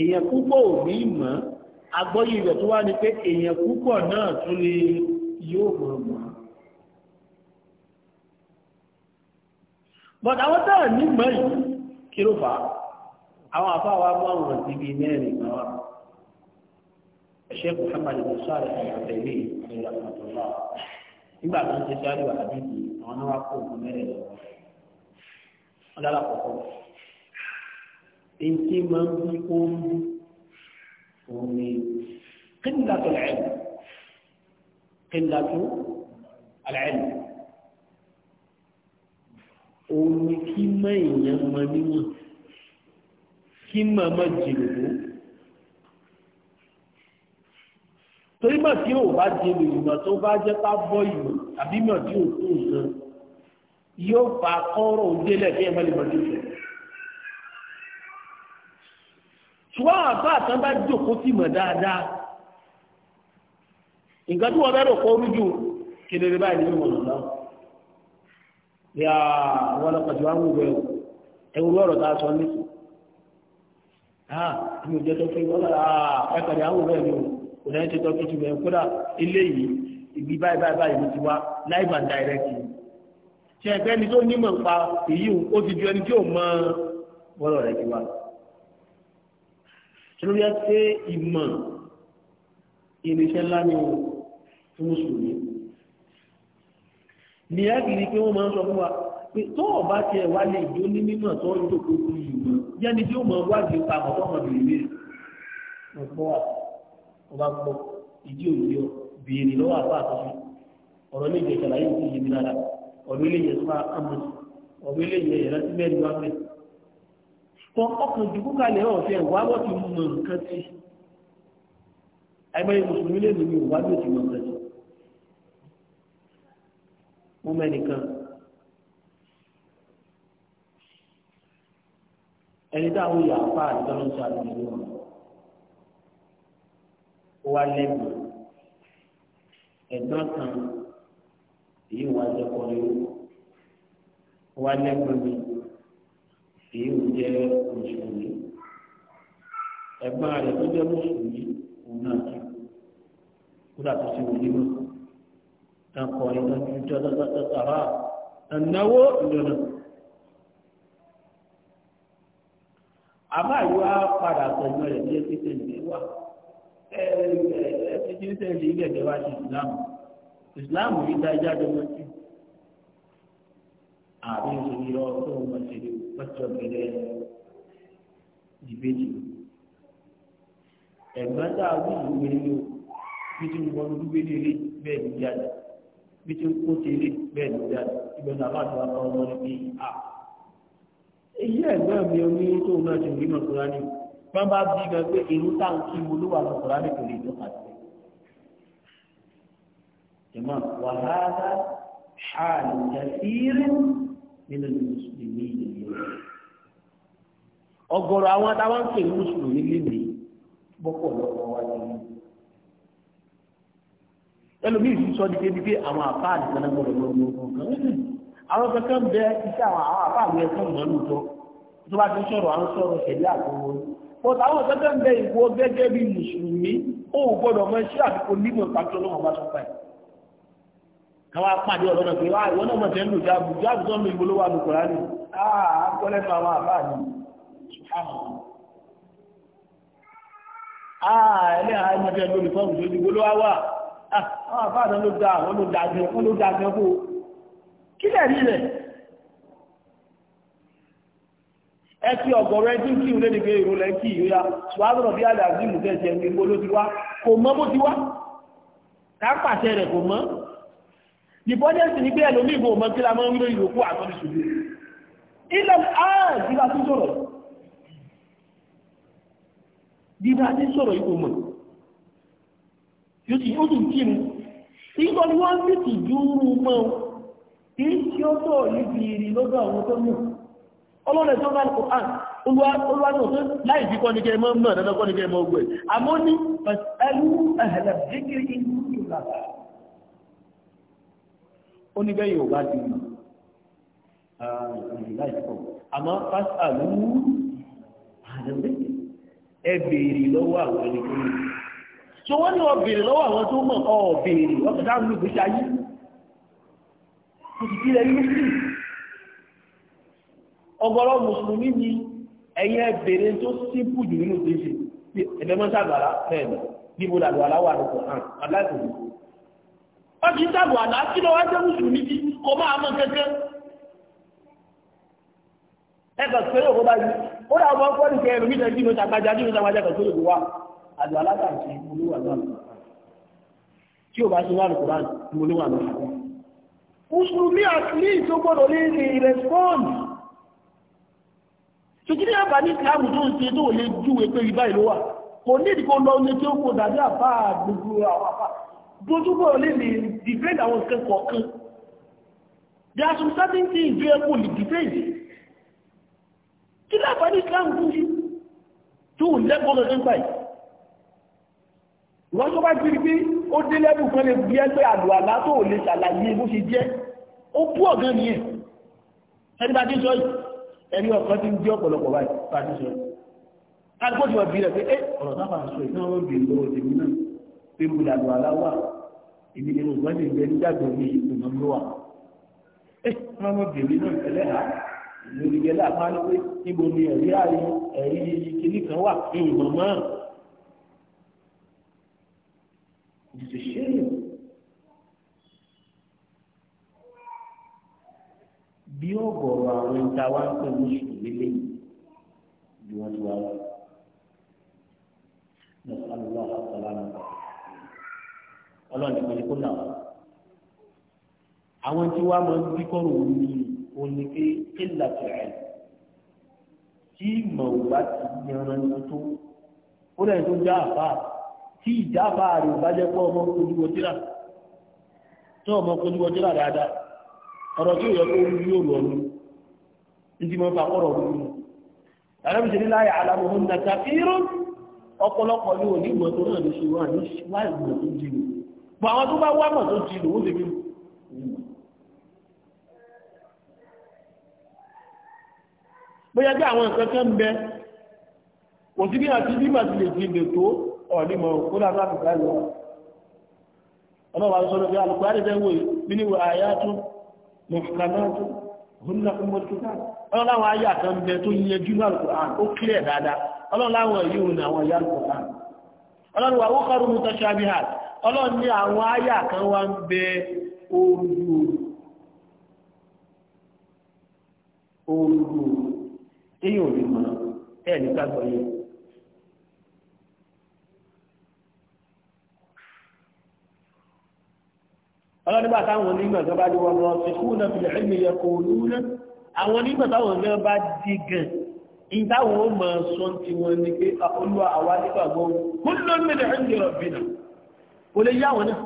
èèyàn púpọ̀ ò ní mọ̀ agbọ́yé rẹ̀ tó wá ní pé èèyàn púpọ̀ náà tún ni yóò mọ̀ mọ̀ but àwọn táà ní mọ̀ kí ló fà àwọn àfáwà mọ́ àwọn ọ̀rọ̀ síbi mẹ́rin kan wá Sheikh Muhammad bin Salih al-Uthaymeen ní ìlànà tó náà nígbà tó ń ṣe sáré wà àbíkì àwọn náà wá kó òkú mẹ́rin lọ́wọ́ ọ̀dára kọ̀ọ̀kọ́ èyí tí máa ń bí kó ń bú òun ni kíndàtò lẹ́yìn kíndàtò lẹ́yìn òun ni kí mọ èèyàn mọ níwọ̀n kí mọ mọ jìnnà tó torí mọ̀ tí ò bá jìnnà ìmọ̀ tó bá jẹ́ pá bọ́ ìmọ̀ àbí tí ò tó nǹkan yóò fa kọ́rọ̀ òdélẹ̀ kí ẹ má lè mọ ní ìfẹ́. ṣùgbọ́n àbá àtàn bá jókòó tì mọ̀ dáadáa nǹkan tí wọ́n bẹ́ẹ̀ rò kọ́ rújú kedere báyìí nínú ọ̀nà náà yà àwọn ọlọ́pàá tí wọ́n á wù bẹ́ẹ̀ lọ́rọ̀ tá a sọ nísìnyí ha mi ò jẹ́ tó fi wọ́n lára ẹ̀kàdé àwọn ọ̀rẹ́ mi ò kò náà ti tọ́ kí ti mẹ́rin kódà ibi báyìí báyìí live and direct ṣe ẹgbẹ́ ẹni tó nímọ̀ nípa èyí ó ti ju ẹni tí ò mọ bọ́lọ̀ rẹ̀ ti wá torí ẹ pé ìmọ̀ irinṣẹ́ ńlá ni o fún mùsùlùmí ní ẹ́gìrì pé wọ́n máa ń sọ fún wa pé tó ọba tiẹ̀ wá lè jó ní mímọ̀ tó ń jòkó sí ìmọ̀ yẹ́ni tí ó mọ̀ wájú ta àmọ́ tọ́mọ̀ bèrè lè ọ̀pọ̀ wa ọba gbọ́ ìdí òyìnbó bèrè lọ́wọ́ àbá àtọ́sí ọ̀rọ̀ méje ṣàlàyé òkú yìí ọ̀bílẹ̀ yẹn fún amọ̀ ọ̀bílẹ̀ yẹn yẹn láti mẹ́rin wá mẹ́. tọ́ ọkàn jù kúkàlẹ̀ ọ̀fẹ́ wà wọ́n ti mọ nǹkan sí àìmọye mùsùlùmí lè lómi wà ló ti mọ nǹkan sí. mo mẹ́nìkan ẹni táwọn yà á fà àdìgbọ́nọ́sọ àdìgbò wọn ó wá lẹ́gbẹ̀ẹ́ ẹ̀gbọ́n kan èyí wà lẹ́kọ̀ọ́ yóò wà lẹ́kọ̀ọ́ mi èyí ò jẹ́ mùsùlùmí ẹ̀gbọ́n rẹ̀ tó jẹ́ mùsùlùmí òun náà kí kódà tó ti wòlé mọ́ ẹ̀kọ́ ìlànà ìjọ tààrà ẹ̀náwó ìlànà. àbá yóò á padà sọ̀rọ̀ rẹ̀ bí ẹ ti tẹ̀lé wá ẹ̀ẹ́dẹ̀ẹ́dẹ́ ti tẹ̀lé ilẹ̀ ìjọba ti ìsìlámù ìsìláàmù yìí dá ẹja jọ mọ́tì àbí ìṣòwò yọ tó ń bá ṣe pẹ́tù ọ̀gẹ̀dẹ̀ dìbẹ́tì ẹ̀gbọ́n tá a wí ìwé ni o bí tí wọ́n ń dúgbé lé bẹ́ẹ̀ ní jáde bí tí kó tẹ̀lé bẹ́ẹ̀ ní jáde ibẹ̀ náà bá tó akọ ọmọ níbi a. èyí ẹ̀gbọ́n mi ò ní tó náà ti rí mọ̀kúránì bá bá bí gan pé èrú táǹkì mo ló wà mọ̀kúránì kò lè dọ́kàtà jama wàhálà hàn kẹfìrì nínú mùsùlùmí yìí ọ̀gọ̀rọ̀ àwọn táwọn ń pè mùsùlùmí lèmi bọ́pọ̀ lọ́wọ́ wa ni ẹlòmíì fi sọ di débi pé àwọn àpá àdìsán náà gbọ́dọ̀ lọ lọ kan àwọn kankan bẹ iṣẹ́ àwọn àwọn àpá àwọn ẹsẹ mọ lóòótọ́ tó bá ti sọ̀rọ̀ àwọn sọ̀rọ̀ ṣẹlẹ̀ àgbọwọ bọ́tà àwọn kankan bẹ ìwọ gẹ́gẹ́ bí mùsùlùmí ó gbọ́dọ̀ mọ iṣẹ́ àfikún nímọ̀ ìpàtó ọlọ́wọ́n bá sọ pa ẹ̀ àwọn apáàdé ọ̀dọ́ náà pé wá ah, ìwọ náà mọ̀tẹ́ ń lò jáàbù jáàbù tó ń lo ìwòlówó àlùkòrá ni ah, àá kọ́lẹ́nu àwọn àbáà ni àà ah, ẹlẹ́ àìmọ̀tẹ́ ń lò ní fọ́ọ̀mù tó ti gbólówá wà àwọn àbáà náà ló da àwọn ló da jẹ wọ́n ló da jẹ kó kí lẹ̀ rí rẹ̀ ẹ ti ọ̀gọ̀rọ̀ ẹjú kí ìwé ni pé ìrọ̀lẹ́ kí ìyóya ṣùgbọ́n bí alẹ́ àbí ìmùtẹ́ ṣe ń gbó ló ti wá kò mọ́ bó ti wá ká pàṣẹ rẹ̀ kò mọ́ ìbọ́jẹ́sì ní pé ẹlòmí ìbò mọ́ kí la mọ́ ń lò ìlòkú àtọ́lù ṣùgbé ilẹ̀ ààdìbà tí sọ̀rọ̀ dídá tí sọ̀rọ̀ ìbò mọ̀ yóò sì yóò sì kí mu ìgbọ́ ni wọ́n sì ti dúró mọ́ kí tí ó tọ̀ níbi ìrì lọ́dọ̀ àwọn tó mú ọlọ́rẹ̀ tó bá lọ́kọ̀ àn olùwàjọ̀ tó láì fi kọ́ ní kẹ́ mọ́ mọ́ ọ̀dọ́dọ́ kọ́ ní kẹ́ mọ́ ogun ẹ̀ àmọ́ ní ẹlú ẹ̀hẹ̀lẹ̀ ó ní bẹ́ẹ̀ yóò bá ti mọ̀ ah, ààrùn láìpọ̀ àmọ́ pásítàlú ẹ béèrè lọ́wọ́ àwọn ẹni tó mọ̀ so wọ́n ní ọ béèrè lọ́wọ́ àwọn tó mọ̀ ọ béèrè ọkọ̀ dáhùn ìgbésí ayé kò sì kílẹ̀ yín sí ọ̀gọ̀rọ̀ mùsùlùmí ni ẹ̀yin ẹ béèrè tó sípù jù nínú tó ṣe ẹ̀dẹ́mọ́sàgbàrá fẹ́ẹ̀ níbo làlùwàlá wà ní kò hàn aláìkòkò wọ́n ti ń dàgbò àlá kí lọ wá jẹ́ mùsùlùmí bí kò máa mọ́ kẹ́kẹ́ ẹgbẹ̀ pẹ̀lú òkú báyìí ó dà ọmọ fọ́ọ̀lù kẹ́ ẹ̀rù mítẹ̀ nínú tàgbàjá nínú tàgbàjá kan tó lè wá àjọ alátàkì olúwa náà tí ò bá ṣe wà ní kòrán ní olúwa náà mùsùlùmí àtìlí tó gbọ́dọ̀ lè ní ìrẹ́spọ́ǹdì tòkìdí àbá ní ìsìlámù tó ń ṣe tó lè júwe pé ibà ìlú wa kò ní ìdíkò lọ ní tí ó kò dàbí àbá gbogbo àwọn àbá dojúbọ̀ lè lè dìfẹ́ǹdì àwọn nǹkan kọ̀ọ̀kan there are some certain things tó yẹ kó lè dìfẹ́ǹdì kí lábàá ní islam kú sí tó ń lẹ́kọ̀ọ́ lọ nípa ẹ̀ wọ́n tó bá ti rí pé ó dé lẹ́bùn kan lè bí ẹgbẹ́ àlò àlá tó ò lè ṣàlàyé bó ṣe jẹ́ ó bú ọ̀gán nìyẹn ẹni bá ti sọ yìí ẹni ọ̀kan ti ń jẹ́ ọ̀pọ̀lọpọ̀ báyìí bá ti sọ yìí pé mo làlù aláwà èmi ni mo gbọ́n lè gbẹ nígbàgbọ́ mi ìgbìmọ̀ ló wà. ẹ máa mọ bèbí náà tẹ́lẹ̀ ha lórílẹ̀ láàpá ló pé níbo ni ẹ̀rí àrí ẹ̀rí kìíní kan wà ìgbìmọ̀ mọ́. ìṣe ṣe é bí ọ̀gọ̀rọ̀ àwọn ìta wa ń pè ní sùúrù lẹ́yìn bí wọ́n ti lọ. نسأل الله السلامة ọlọ́ọ̀ni kan ní kó là wọ́n. àwọn tí wàá máa ń bí kọ́rọ̀ òun ni òun ni pé kéèlà tẹ̀rẹ̀ tí màwùbá ti yanran ní tó ó lẹ́yìn tó já àbá tí ìjà àbá rẹ̀ ò bá jẹ́ pé ọmọ ojúwọ́ tíra tí ọmọ ojúwọ́ tíra dáadáa ọ̀rọ̀ tí ò yẹ kó wúlú yóò lọ ní ní ti fà kọ́rọ̀ wúlú àrẹ́bí ṣe ní láyé alámọ̀hún nàkàfíró ọ̀pọ̀lọpọ̀ ní òní ìgbọ̀n tó náà ní ṣe wà ní wà ìgbọ̀n tó jìnnà bọ̀ àwọn tó bá wá mọ̀ tó ti lòun lèmi bóyá bí àwọn nǹkan kan bẹ kò sí bí àti bí màtí lè jìnlẹ̀ tó ọ̀nìmọ̀ kó lára láti gbá lọ ọlọ́wà sọ́rọ̀ bí alùpàá rẹ̀ wò nínú àyà tó mọ̀kànlá tó húnnà ọmọdúnlá ọlọ́wà ayà kan bẹ tó yẹjú alùpàá ó kílẹ̀ dáadáa ọlọ́wà yíò ní àwọn ìyá alùpàá ọlọ́run wà wọ́kọ̀rù mú tọ́ṣà bí hà ọlọ́run ní àwọn àyà kan wá ń bẹ oòrùn oòrùn èyí ò lè mọ̀ ẹ̀ ní gbàgbọ́ yẹn ọlọ́run bá táwọn onímọ̀ kan bá di wọn lọ sí kúnà fìlẹ̀ ẹ̀mí yẹ kó àwọn onímọ̀ táwọn onímọ̀ bá di gan ìdáwọn ó máa sọ ti wọn ni pé ah, olúwa àwa nígbàgbọ́ kúló mẹ́lẹ̀ ń yọrọ̀ bìnà kò lè yá wọn náà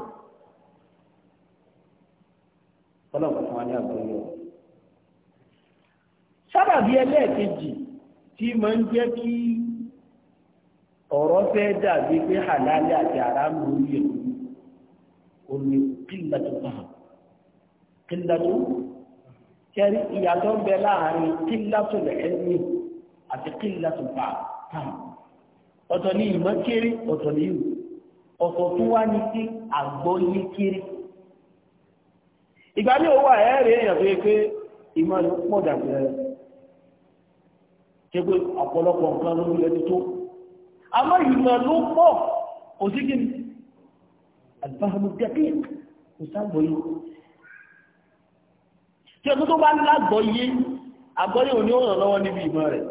ọlọ́pàá fún wa ní àgbáyé ọ̀ sábàbí ẹlẹ́ẹ̀kejì tí máa ń jẹ́ kí ọ̀rọ̀ fẹ́ dàbí pé halali àti haramu orí ẹ̀ o ní kílàtò náà kẹrí ìyàtọ̀ ń bẹ láàrin kílàtò lẹ́yìn àti kíńlá tó bá tán ọ̀tọ̀ ní ìmọ̀ kéré ọ̀tọ̀ ní ìwò ọ̀tọ̀ tó wá ní sí àgbọ̀ ní kéré ìgbà ní owó àẹ́rẹ́ èèyàn tó yẹ pé ìmọ̀ ló pọ̀ dàgbẹ́ ṣe pé ọ̀pọ̀lọpọ̀ nǹkan ló lẹ́ tó àmọ́ ìmọ̀ ló pọ̀ kò sí kí ni àgbàhàmù dẹ́kẹ́ kò sáàgbọ̀ yìí tí ọdún tó bá lágbọ̀ yìí àgbọ̀ yìí ò ní ó ràn lọ́wọ́ níbi ìmọ̀ rẹ̀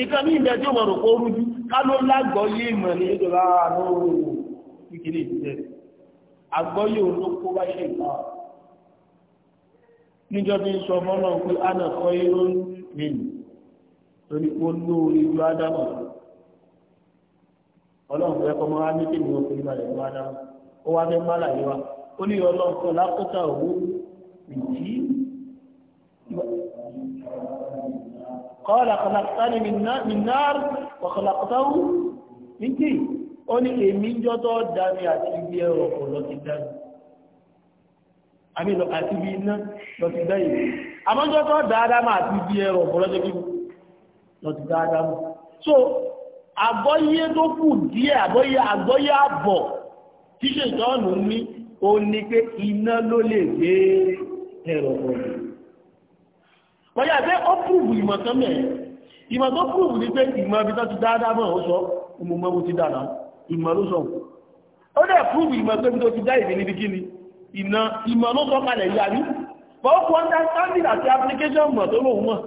ìkan ní ìbẹ̀ tí ó mọ̀rọ̀ kó rújú ká ló lágbọ́yé ìmọ̀ ní ìjọba àánú ìkìlì ìbílẹ̀ àgbọ́yé òun ló kó bá ana kọ irú nìyí torí ó ló ìlú ádámà ọlọ́run fẹ́ kọ́ máa ní kéwì òkú ìgbà rẹ̀ lọ́wọ́ ádámà ó wá fẹ́ kọ́ọ̀lá kọlọ̀tánì minnar wọ̀kọlọ̀tọ́ nítí ó ní èmi jọ tó dámi àti ibi ẹ̀rọ ọ̀pọ̀ lọ ti dámi àmì àti ibi iná lọ ti dáyì àmọ́jọ́ tó dáadáma àti ibi ẹ̀rọ ọ̀pọ̀ lọ ti lọ ti so àgbọ́yé tó kù díẹ̀ àgbọ́yé àbọ̀ tíṣe ìtọ́nù ní ó ní pé iná ló lè gbé ẹ̀rọ ọ̀pọ̀ kọjá pé ó púrùbù ìmọ̀ tán mẹ́ ìmọ̀ tó púrùbù ní pé ìmọ̀ ibi tó ti dáadáa mọ̀ ó sọ ìmọ̀ mo ti dáadáa ìmọ̀ ló sọ ó dẹ̀ púrùbù ìmọ̀ pé tó ti dá ìdí níbi kíni ìnà ìmọ̀ ló sọ kalẹ̀ yà ní but ó kọ understanding àti application mọ̀ tó lòun mọ̀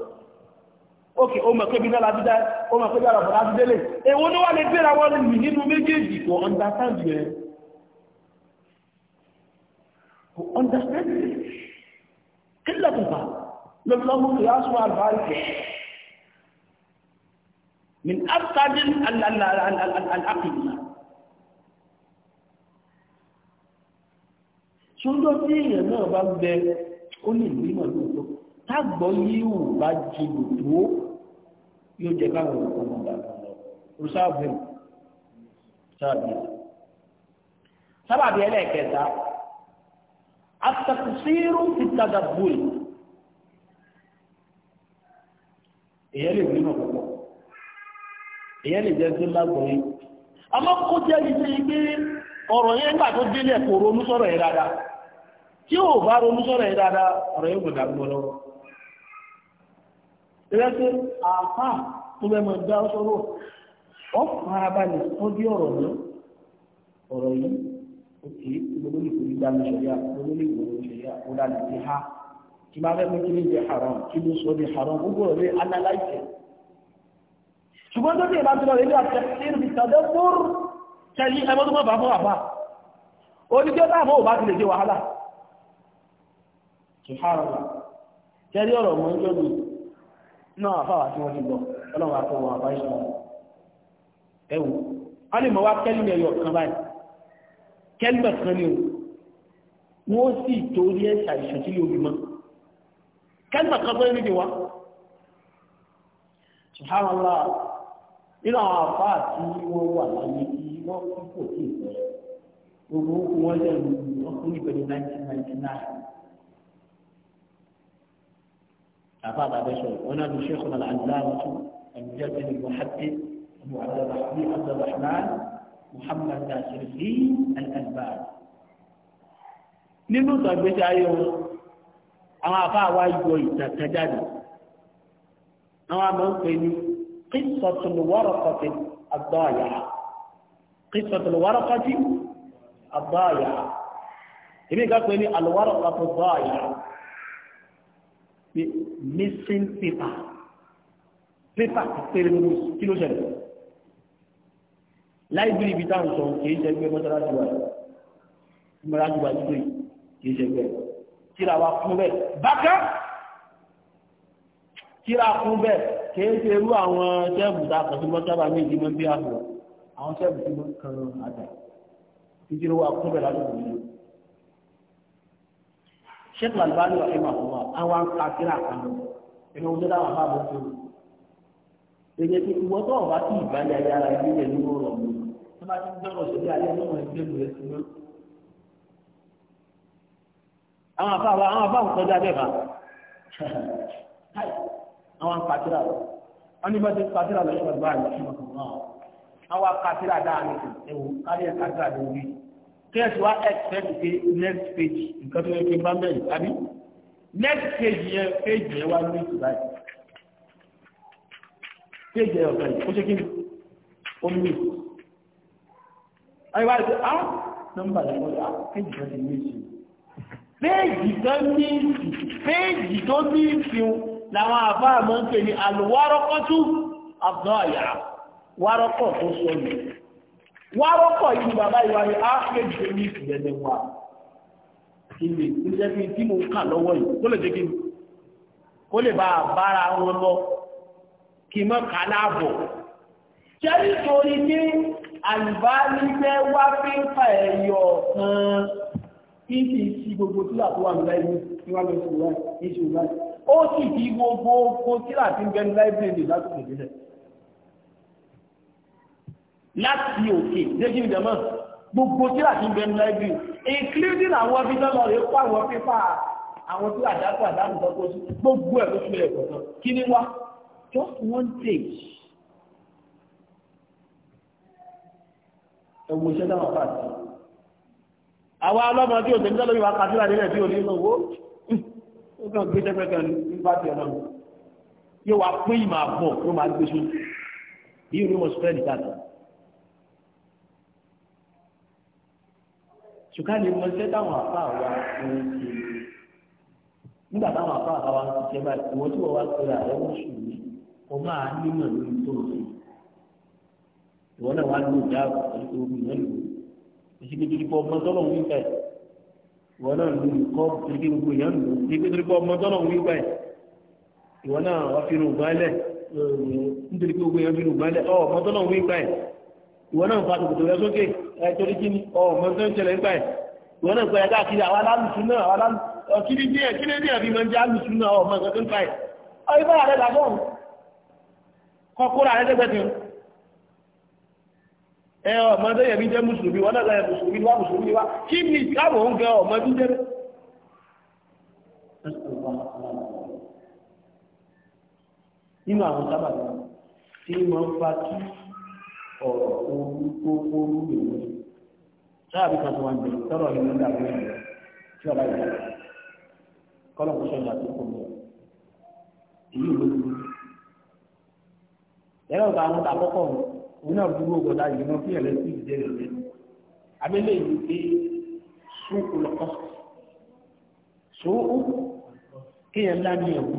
ok ó mọ̀ pé bí náà láti dá ó mọ̀ pé bí àràbọ̀ láti délé èwo ló wà lè gbéra wọn nì nínú méjèèjì kò understand yẹn kò understand yẹn kí ló tó fà á lọ́mú kìláàsù àlùbáríkì من afsadi al'aqida ṣúndọ́ tí èèyàn náà bá gbẹ ó lè ní ìmọ̀ lóòótọ́ tágbọ́ yíò bá jìnnà tó yóò jẹ káwọn ọmọ bàbá lọ rúṣàbí sábàbí ẹlẹ́ẹ̀kẹta àtàkùsírù ti tàdàbùlì èyàn lè wí náà púpọ̀ èyàn lè jẹ́ tó lágbọ̀ọ́yé àmọ́ kó jẹ́ iṣẹ́ pé ọ̀rọ̀ yẹn nígbà tó délé kò ronú sọ̀rọ̀ yẹn dáadáa tí ò bá ronú sọ̀rọ̀ yẹn dáadáa ọ̀rọ̀ yẹn kò dà gbọ́ lọ́wọ́ ìrẹ́ pé àfà tó bẹ́ẹ̀ mọ̀ dá sọ́rọ̀ ọ̀ farabalẹ̀ ó dé ọ̀rọ̀ náà ọ̀rọ̀ yìí ó kì í gbogbo ní ìgbòmí gbogbo ní ìgbòmí ó dá kí máa fẹ́ mú kí ní jẹ haram kí ló sọ ní haram gbogbo rẹ̀ analyze ṣùgbọ́n tó dé ìbájú lọ ilé àtẹ̀síìrì bí tàbí fúrú tẹ̀lé ẹgbẹ́ tó mọ̀ bá fún àbá oníjẹ́ táàmù ò bá ti lè jẹ wàhálà ṣùhárọ̀lá tẹ́rí ọ̀rọ̀ mọ́ ń jọ́gbì náà àfáwà tí wọ́n ti gbọ́ ọlọ́wà tó wọ́n àbá ìṣọ́ ẹwù a lè mọ̀ wá kẹ́lìmẹ̀ ẹ̀yọ̀ kan báyìí kẹ́lìmẹ̀ kan ni wọ́n sì torí ẹ̀ṣà ìṣọ̀tílẹ̀ كان قضيه لي وا سبحان الله الى عرفات وهو علي ما في قوتي وهو هو اللي ممكن يبقى لنا كمان كنا عفا بعد شوي وانا الشيخ العلامه المجدد المحدث ابو عبد الرحمن عبد الرحمن محمد ناصر الدين الالباني نبدا بيتايو àwọn afáà wá yọ ìtàn kan jáde àwọn àmọ́ ń pè ní qissatul waraqati ad-daya'a qissatul waraqati ad-daya'a èmi ká pè ní al-waraqatu ad-daya'a missing paper ibi táwọn sọ̀rọ̀ kì í ṣẹgbẹ́ mọ́tàlájúwà mọ́tàlájúwà tó yìí kì í ṣẹgbẹ́ rẹ̀ tíra wa kún bẹ́ẹ̀ bákan tíra kún bẹ́ẹ̀ kìí ṣe irú àwọn sẹ́ẹ̀bù tá a kàn sí mọ́sábà ní ìdí mọ́bí àbọ̀ àwọn sẹ́ẹ̀bù tí wọ́n kan àjà títí wa kún bẹ́ẹ̀ ládùúgbò yìí. sheikh Albani wà ẹ̀ma fún wa àwọn ká tíra kan lọ ẹ̀ma wọn dáhùn àbá bọ́ tó èyí ti ìwọ tó ọba tí ìbálẹ̀ ayára ẹgbẹ́ yẹn ló rọ̀ mọ́ tó bá ti ń dọ́rọ̀ sí àwọn àbá wa àwọn àbá òkòtò abẹ́fà àwọn pàtírà lọ wọn ní bọ́sẹ̀ pàtírà lọ yóò gbà yìí fún ọkùnrin náà àwọn pàtírà dáa ní kò ewu kárí ẹ̀ lọ wí kẹ́ẹ̀sì wa expect pé next page nǹkan tó yẹ kí n bá mẹ́rin tàbí next page yẹn page yẹn wá ní ìtura yìí page yẹn ọ̀sẹ̀ yìí ó ṣe kí ni ó ní ìtura. ayé wa ṣe Ah, nọ́mbà yẹn wọ́n Ah, á page yẹn ti ní ìtura péèjì tó ní péèjì tó ní ìfihàn làwọn àfáà máa ń pè ní àlùwárọ́kọ́ tún àbúrò àyà wárọ́kọ̀ tó sọnù wárọ́kọ̀ yìí bàbá ìwà ni á péèjì tó ní ìfìyẹ̀lẹ̀ wà ilé tó jẹ́ pé tí mo kà lọ́wọ́ yìí kó lè jẹ́ kí kó lè bá a bára wọn lọ kí mọ́ kà láàbọ̀ jẹ́rí torí pé àlùbá ní fẹ́ wá pé ń fa ẹ̀yọ̀ kan kí sì sí gbogbo tílà tó wà ní láìpẹ́ ní wọ́n lọ sí ìwà ìṣe ìwà ó sì fi gbogbo oko tílà tí ń bẹ ní láìpẹ́ lè látòkè délẹ̀ láti òkè déjì ìdẹ̀mọ́ gbogbo tílà tí ń bẹ ní láìpẹ́ including àwọn bí tọ́lọ rẹ̀ kó àwọn pépà àwọn tílà dákò àdáàbò tó kó sí gbogbo ẹ̀ ló fi lẹ̀ kí ni wá just one page ẹ̀wọ̀n iṣẹ́ dáwọn pàtàkì àwa ọlọ́mọ tí òṣèlú tọ́lọ́ ìwà kàdúrà nílẹ̀ tí ò ní lówó ó kàn gbé tẹ́pẹ́tẹ́ nípa ti ọ̀nà yóò wá pín ìmọ̀ àbọ̀ ló máa gbé sójú yìí ló mọ̀ spread data. ṣùgbọ́n ní mo ṣe táwọn àfa àwa ń ṣe nígbà táwọn àfa àwa ń ṣiṣẹ́ báyìí ìwọ tí wọ́n wá pé ààrẹ wọ́n sùn ní wọ́n máa nímọ̀ lórí tó ń ṣe ìwọ náà wá lóòjà àgbà pẹ̀lú ìṣègbèdìbò ọmọ tọ́lọ̀ ń wí báyìí ìwọ náà lu nǹkọ́ ìdí gbogbo èèyàn lò ìṣègbèdìbò ọmọ tọ́lọ̀ ń wí báyìí ìwọ náà wá fi rùn gbálẹ̀ nítorí pé gbogbo èèyàn fi rùn gbálẹ̀ ọ ọmọ tọ́lọ̀ ń wí báyìí ìwọ náà fa tòkòtò rẹ sókè ẹ torí kí ni ọ ọmọ tó ń ṣẹlẹ̀ ń báyìí ìwọ náà gbọ́dọ̀ káàkiri àwọn alálùsù náà àwọn alálùsù díẹ̀ kí lé díẹ̀ jẹ́ alùsù náà ọmọ ìgbẹ̀tún ẹ̀rọ ọmọdé yẹ̀mí jẹ́ mùsùlùmí wọ́n náà mùsùlùmí wá mùsùlùmí wá kí ni káàbọ̀ ń gẹ ọmọdé jẹ́ rẹ̀. nínú àwọn sábàbí tí mo ń fa kí ọ̀rọ̀ ooru tó ooru lòun sáàbí kan tó wà níbẹ̀ tọ́rọ̀ yìí nígbà tó yẹ tí ọba yìí kọ́lọ̀ kó sọ̀rọ̀ àti kò mọ̀ èyí ló ń lò. ẹ̀rọ ìgbà àwọn àkọ́kọ́ mi òun náà dúró gbọ́dọ̀ yìí náà fíyàn lẹsí ìjẹrẹ rẹ abẹlé yìí pé sóòkù lọkọ sóòkù kéèyàn lámì ẹwù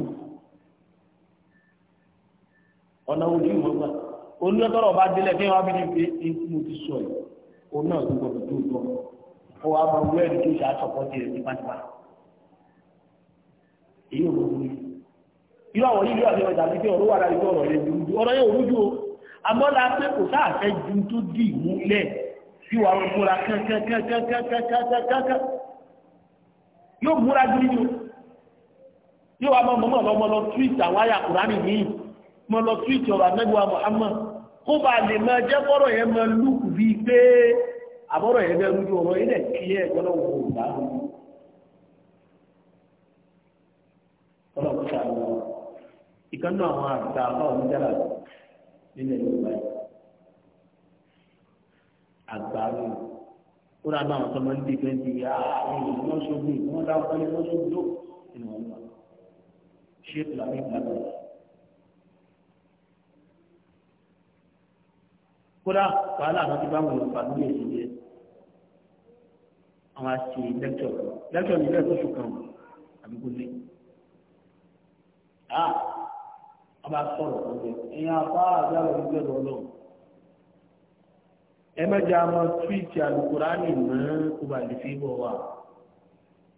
ọ̀nà òní ìwọ̀n gbà olùdókòrò bá délẹ̀ kéèyàn wá bí ní pé ní mo ti sọ yìí òun náà dúró gbọ́dọ̀ tó tọ ọ wà máa wú ẹni tó ṣe àtọkọ tiẹ̀ tipátipá èyí ò lóun ní irú àwọn yìí yóò àti ọjà àti pé ọ̀rọ̀ wà láti ọ̀rọ̀ yẹn lójú ọ̀rọ̀ yẹn ò lójú o àmọ́lá pé kò sáàfẹ́ ju tó dì mú lẹ̀ bí wàá múra kankankankankankankankan yóò múra gírí o yóò wá mọ́ mọ́ lọ́mọ́ lọ túwìtì àwáyà kùránì yìí mọ́ lọ túwìtì ọ̀rọ̀ anẹ́gbẹ̀wá Muhammad kó bá lè máa jẹ́ kọ́rọ̀ yẹn máa lùkù bíi pé àbọ̀rọ̀ yẹn bẹ́ẹ̀ rújú ọ̀rọ̀ yẹn kí ẹ̀ gbọ́dọ̀ wò ó bá wọn. ọlọ́run ṣàlùwọ̀ ìkànnì àwọn àgbà àbáwọn jára nílẹ̀ yorùbá yìí àgbáyé ó rà bá àwọn tó máa ń dìgbẹ́ di ah, àwọn èèyàn náà ṣogun ìwọ́n dá wọn lé wọ́n ṣogun ló nínú wọn lọ ṣé ìlànà ìgbàgbọ́ yìí. kódà wàhálà àwọn tí báwọn yorùbá ló lè ṣe yẹ àwọn àṣe lẹ́kṣọ̀ lẹ́kṣọ̀ nílẹ̀ tó ṣùkàn àbíkú lé ọba sọ̀rọ̀ fún mi ẹ̀yin afá àgbàrò ìgbẹ́ lọ́lọ́ ẹ mẹ́jà mọ túwìtì alukurani mọ́ ọba ìdìfẹ́ bọ̀ wa?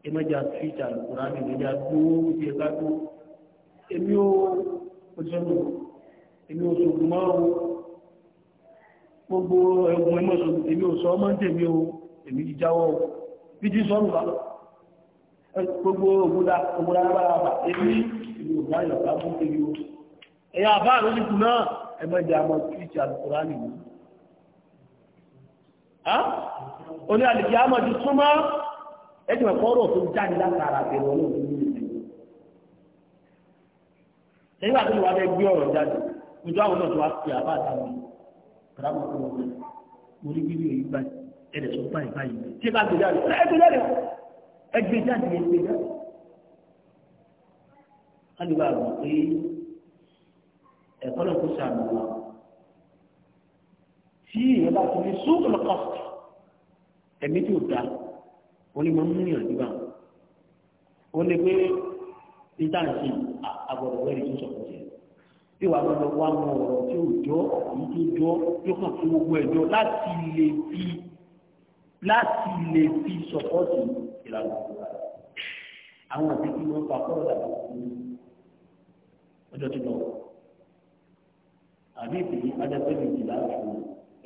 ẹ mẹ́jà túwìtì alukurani mẹ́jà dúró ti ẹ̀ka tó èmi ó ọjọ́nù èmi ó sọ̀gbọ́n mọ́ o gbogbo ẹ̀gbọ́n ẹ̀mọ́ sọ̀gbọ́n èmi ó sọ ọmọ tèmi o èmi ti jáwọ́ o bí ti sọ́nù bá gbogbo ògúnlá ògúnlá bá bá èmi ìlú ọ̀gá ìyọ̀ká fún tèmi o ẹ̀yà àbá àlójúkù náà ẹ̀mọ́jẹ àmọ́ tíìtì àlùkùrá nìyí oní àlèkè o súnmọ́ ẹ̀jẹ̀ kọ́rọ̀ tó jáde látara bẹ̀rẹ̀ olóògùn ní ìlú nígbà tó wà bẹ́ẹ̀ gbé ọ̀rọ̀ jáde ojú àwọn náà tó wá pè àbá àtàwọn kàràmọ́ tó wọ́n mo rí bíbí èyí báyìí ẹ̀rẹ̀ sọ báyìí báyìí tí bá gbé jáde ẹgbẹ́ jáde ẹgbẹ́ jáde ẹgbẹ́ jáde ẹ̀kọ́ ló kó sàmì wa tí èèyàn bá ti ní sóògùn lọ́kọ̀t ẹ̀mí tí ò da onímọ̀ ń múyàn nígbà ó lè gbé ìdáǹsì àgbọ̀dọ̀ wẹ́rì tó sọ̀kọ̀ jẹ́ bí wàá gbọ́dọ̀ wá mọ ọ̀rọ̀ tí ò jọ́ èyí tó jọ́ yóò kàn fún gbogbo ẹ̀jọ́ láti lè fi láti lè fi sọ̀pọ̀tì ìlànà ìgbà àwọn àti kí wọ́n pa kọ́ọ̀dà ọjọ́ tó lọ́wọ́ àdéhùn yìí adẹ́pẹ́ méjì láàbù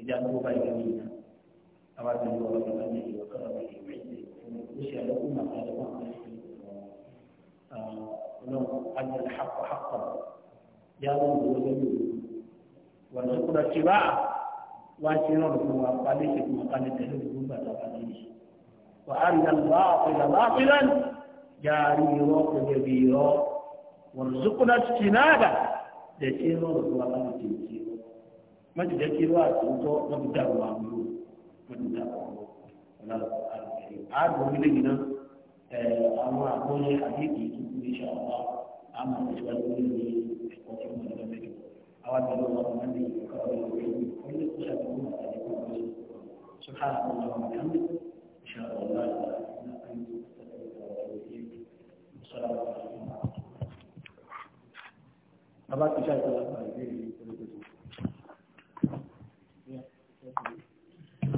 ẹja tó bá yẹ ní ìyá àwọn àti ìwọ ọ̀rọ̀ ìgbà méjì ọ̀kọ́ ọ̀rọ̀ ìgbà méjì ó ṣe àlékún màmá ẹ̀kọ́ ọlọ́run ajẹ́ àpò àpò yálò ìwọ lẹ́yìn wọn lọ kúrò tí bá wá ṣe rán fún wa pálí ṣe fún wa tẹ̀lé ìlú bàtà lẹ́yìn wà tẹ̀sí lọ́rọ̀ tó wà láti tẹ̀ sí ọ. má ti jẹ́ kí irú àtúntọ́ wọ́n ti dàrú àwọn olú wọ́n ti dàrú àwọn ọ̀làlọ́ àlùkẹ́rì. àádọ́ orílẹ̀ yìí náà ẹ̀ àwọn àkọ́yẹ àdéhìí tó kú iṣẹ́ ọ̀la àmọ́ ìṣòwò ní ẹ̀kọ́ tí wọ́n lọ mẹ́jọ. àwọn àgbẹ̀lẹ̀ wọn máa ń lè kọ́ ọ̀rọ̀ ìwé ìwé ìwé ìwé a ba su sha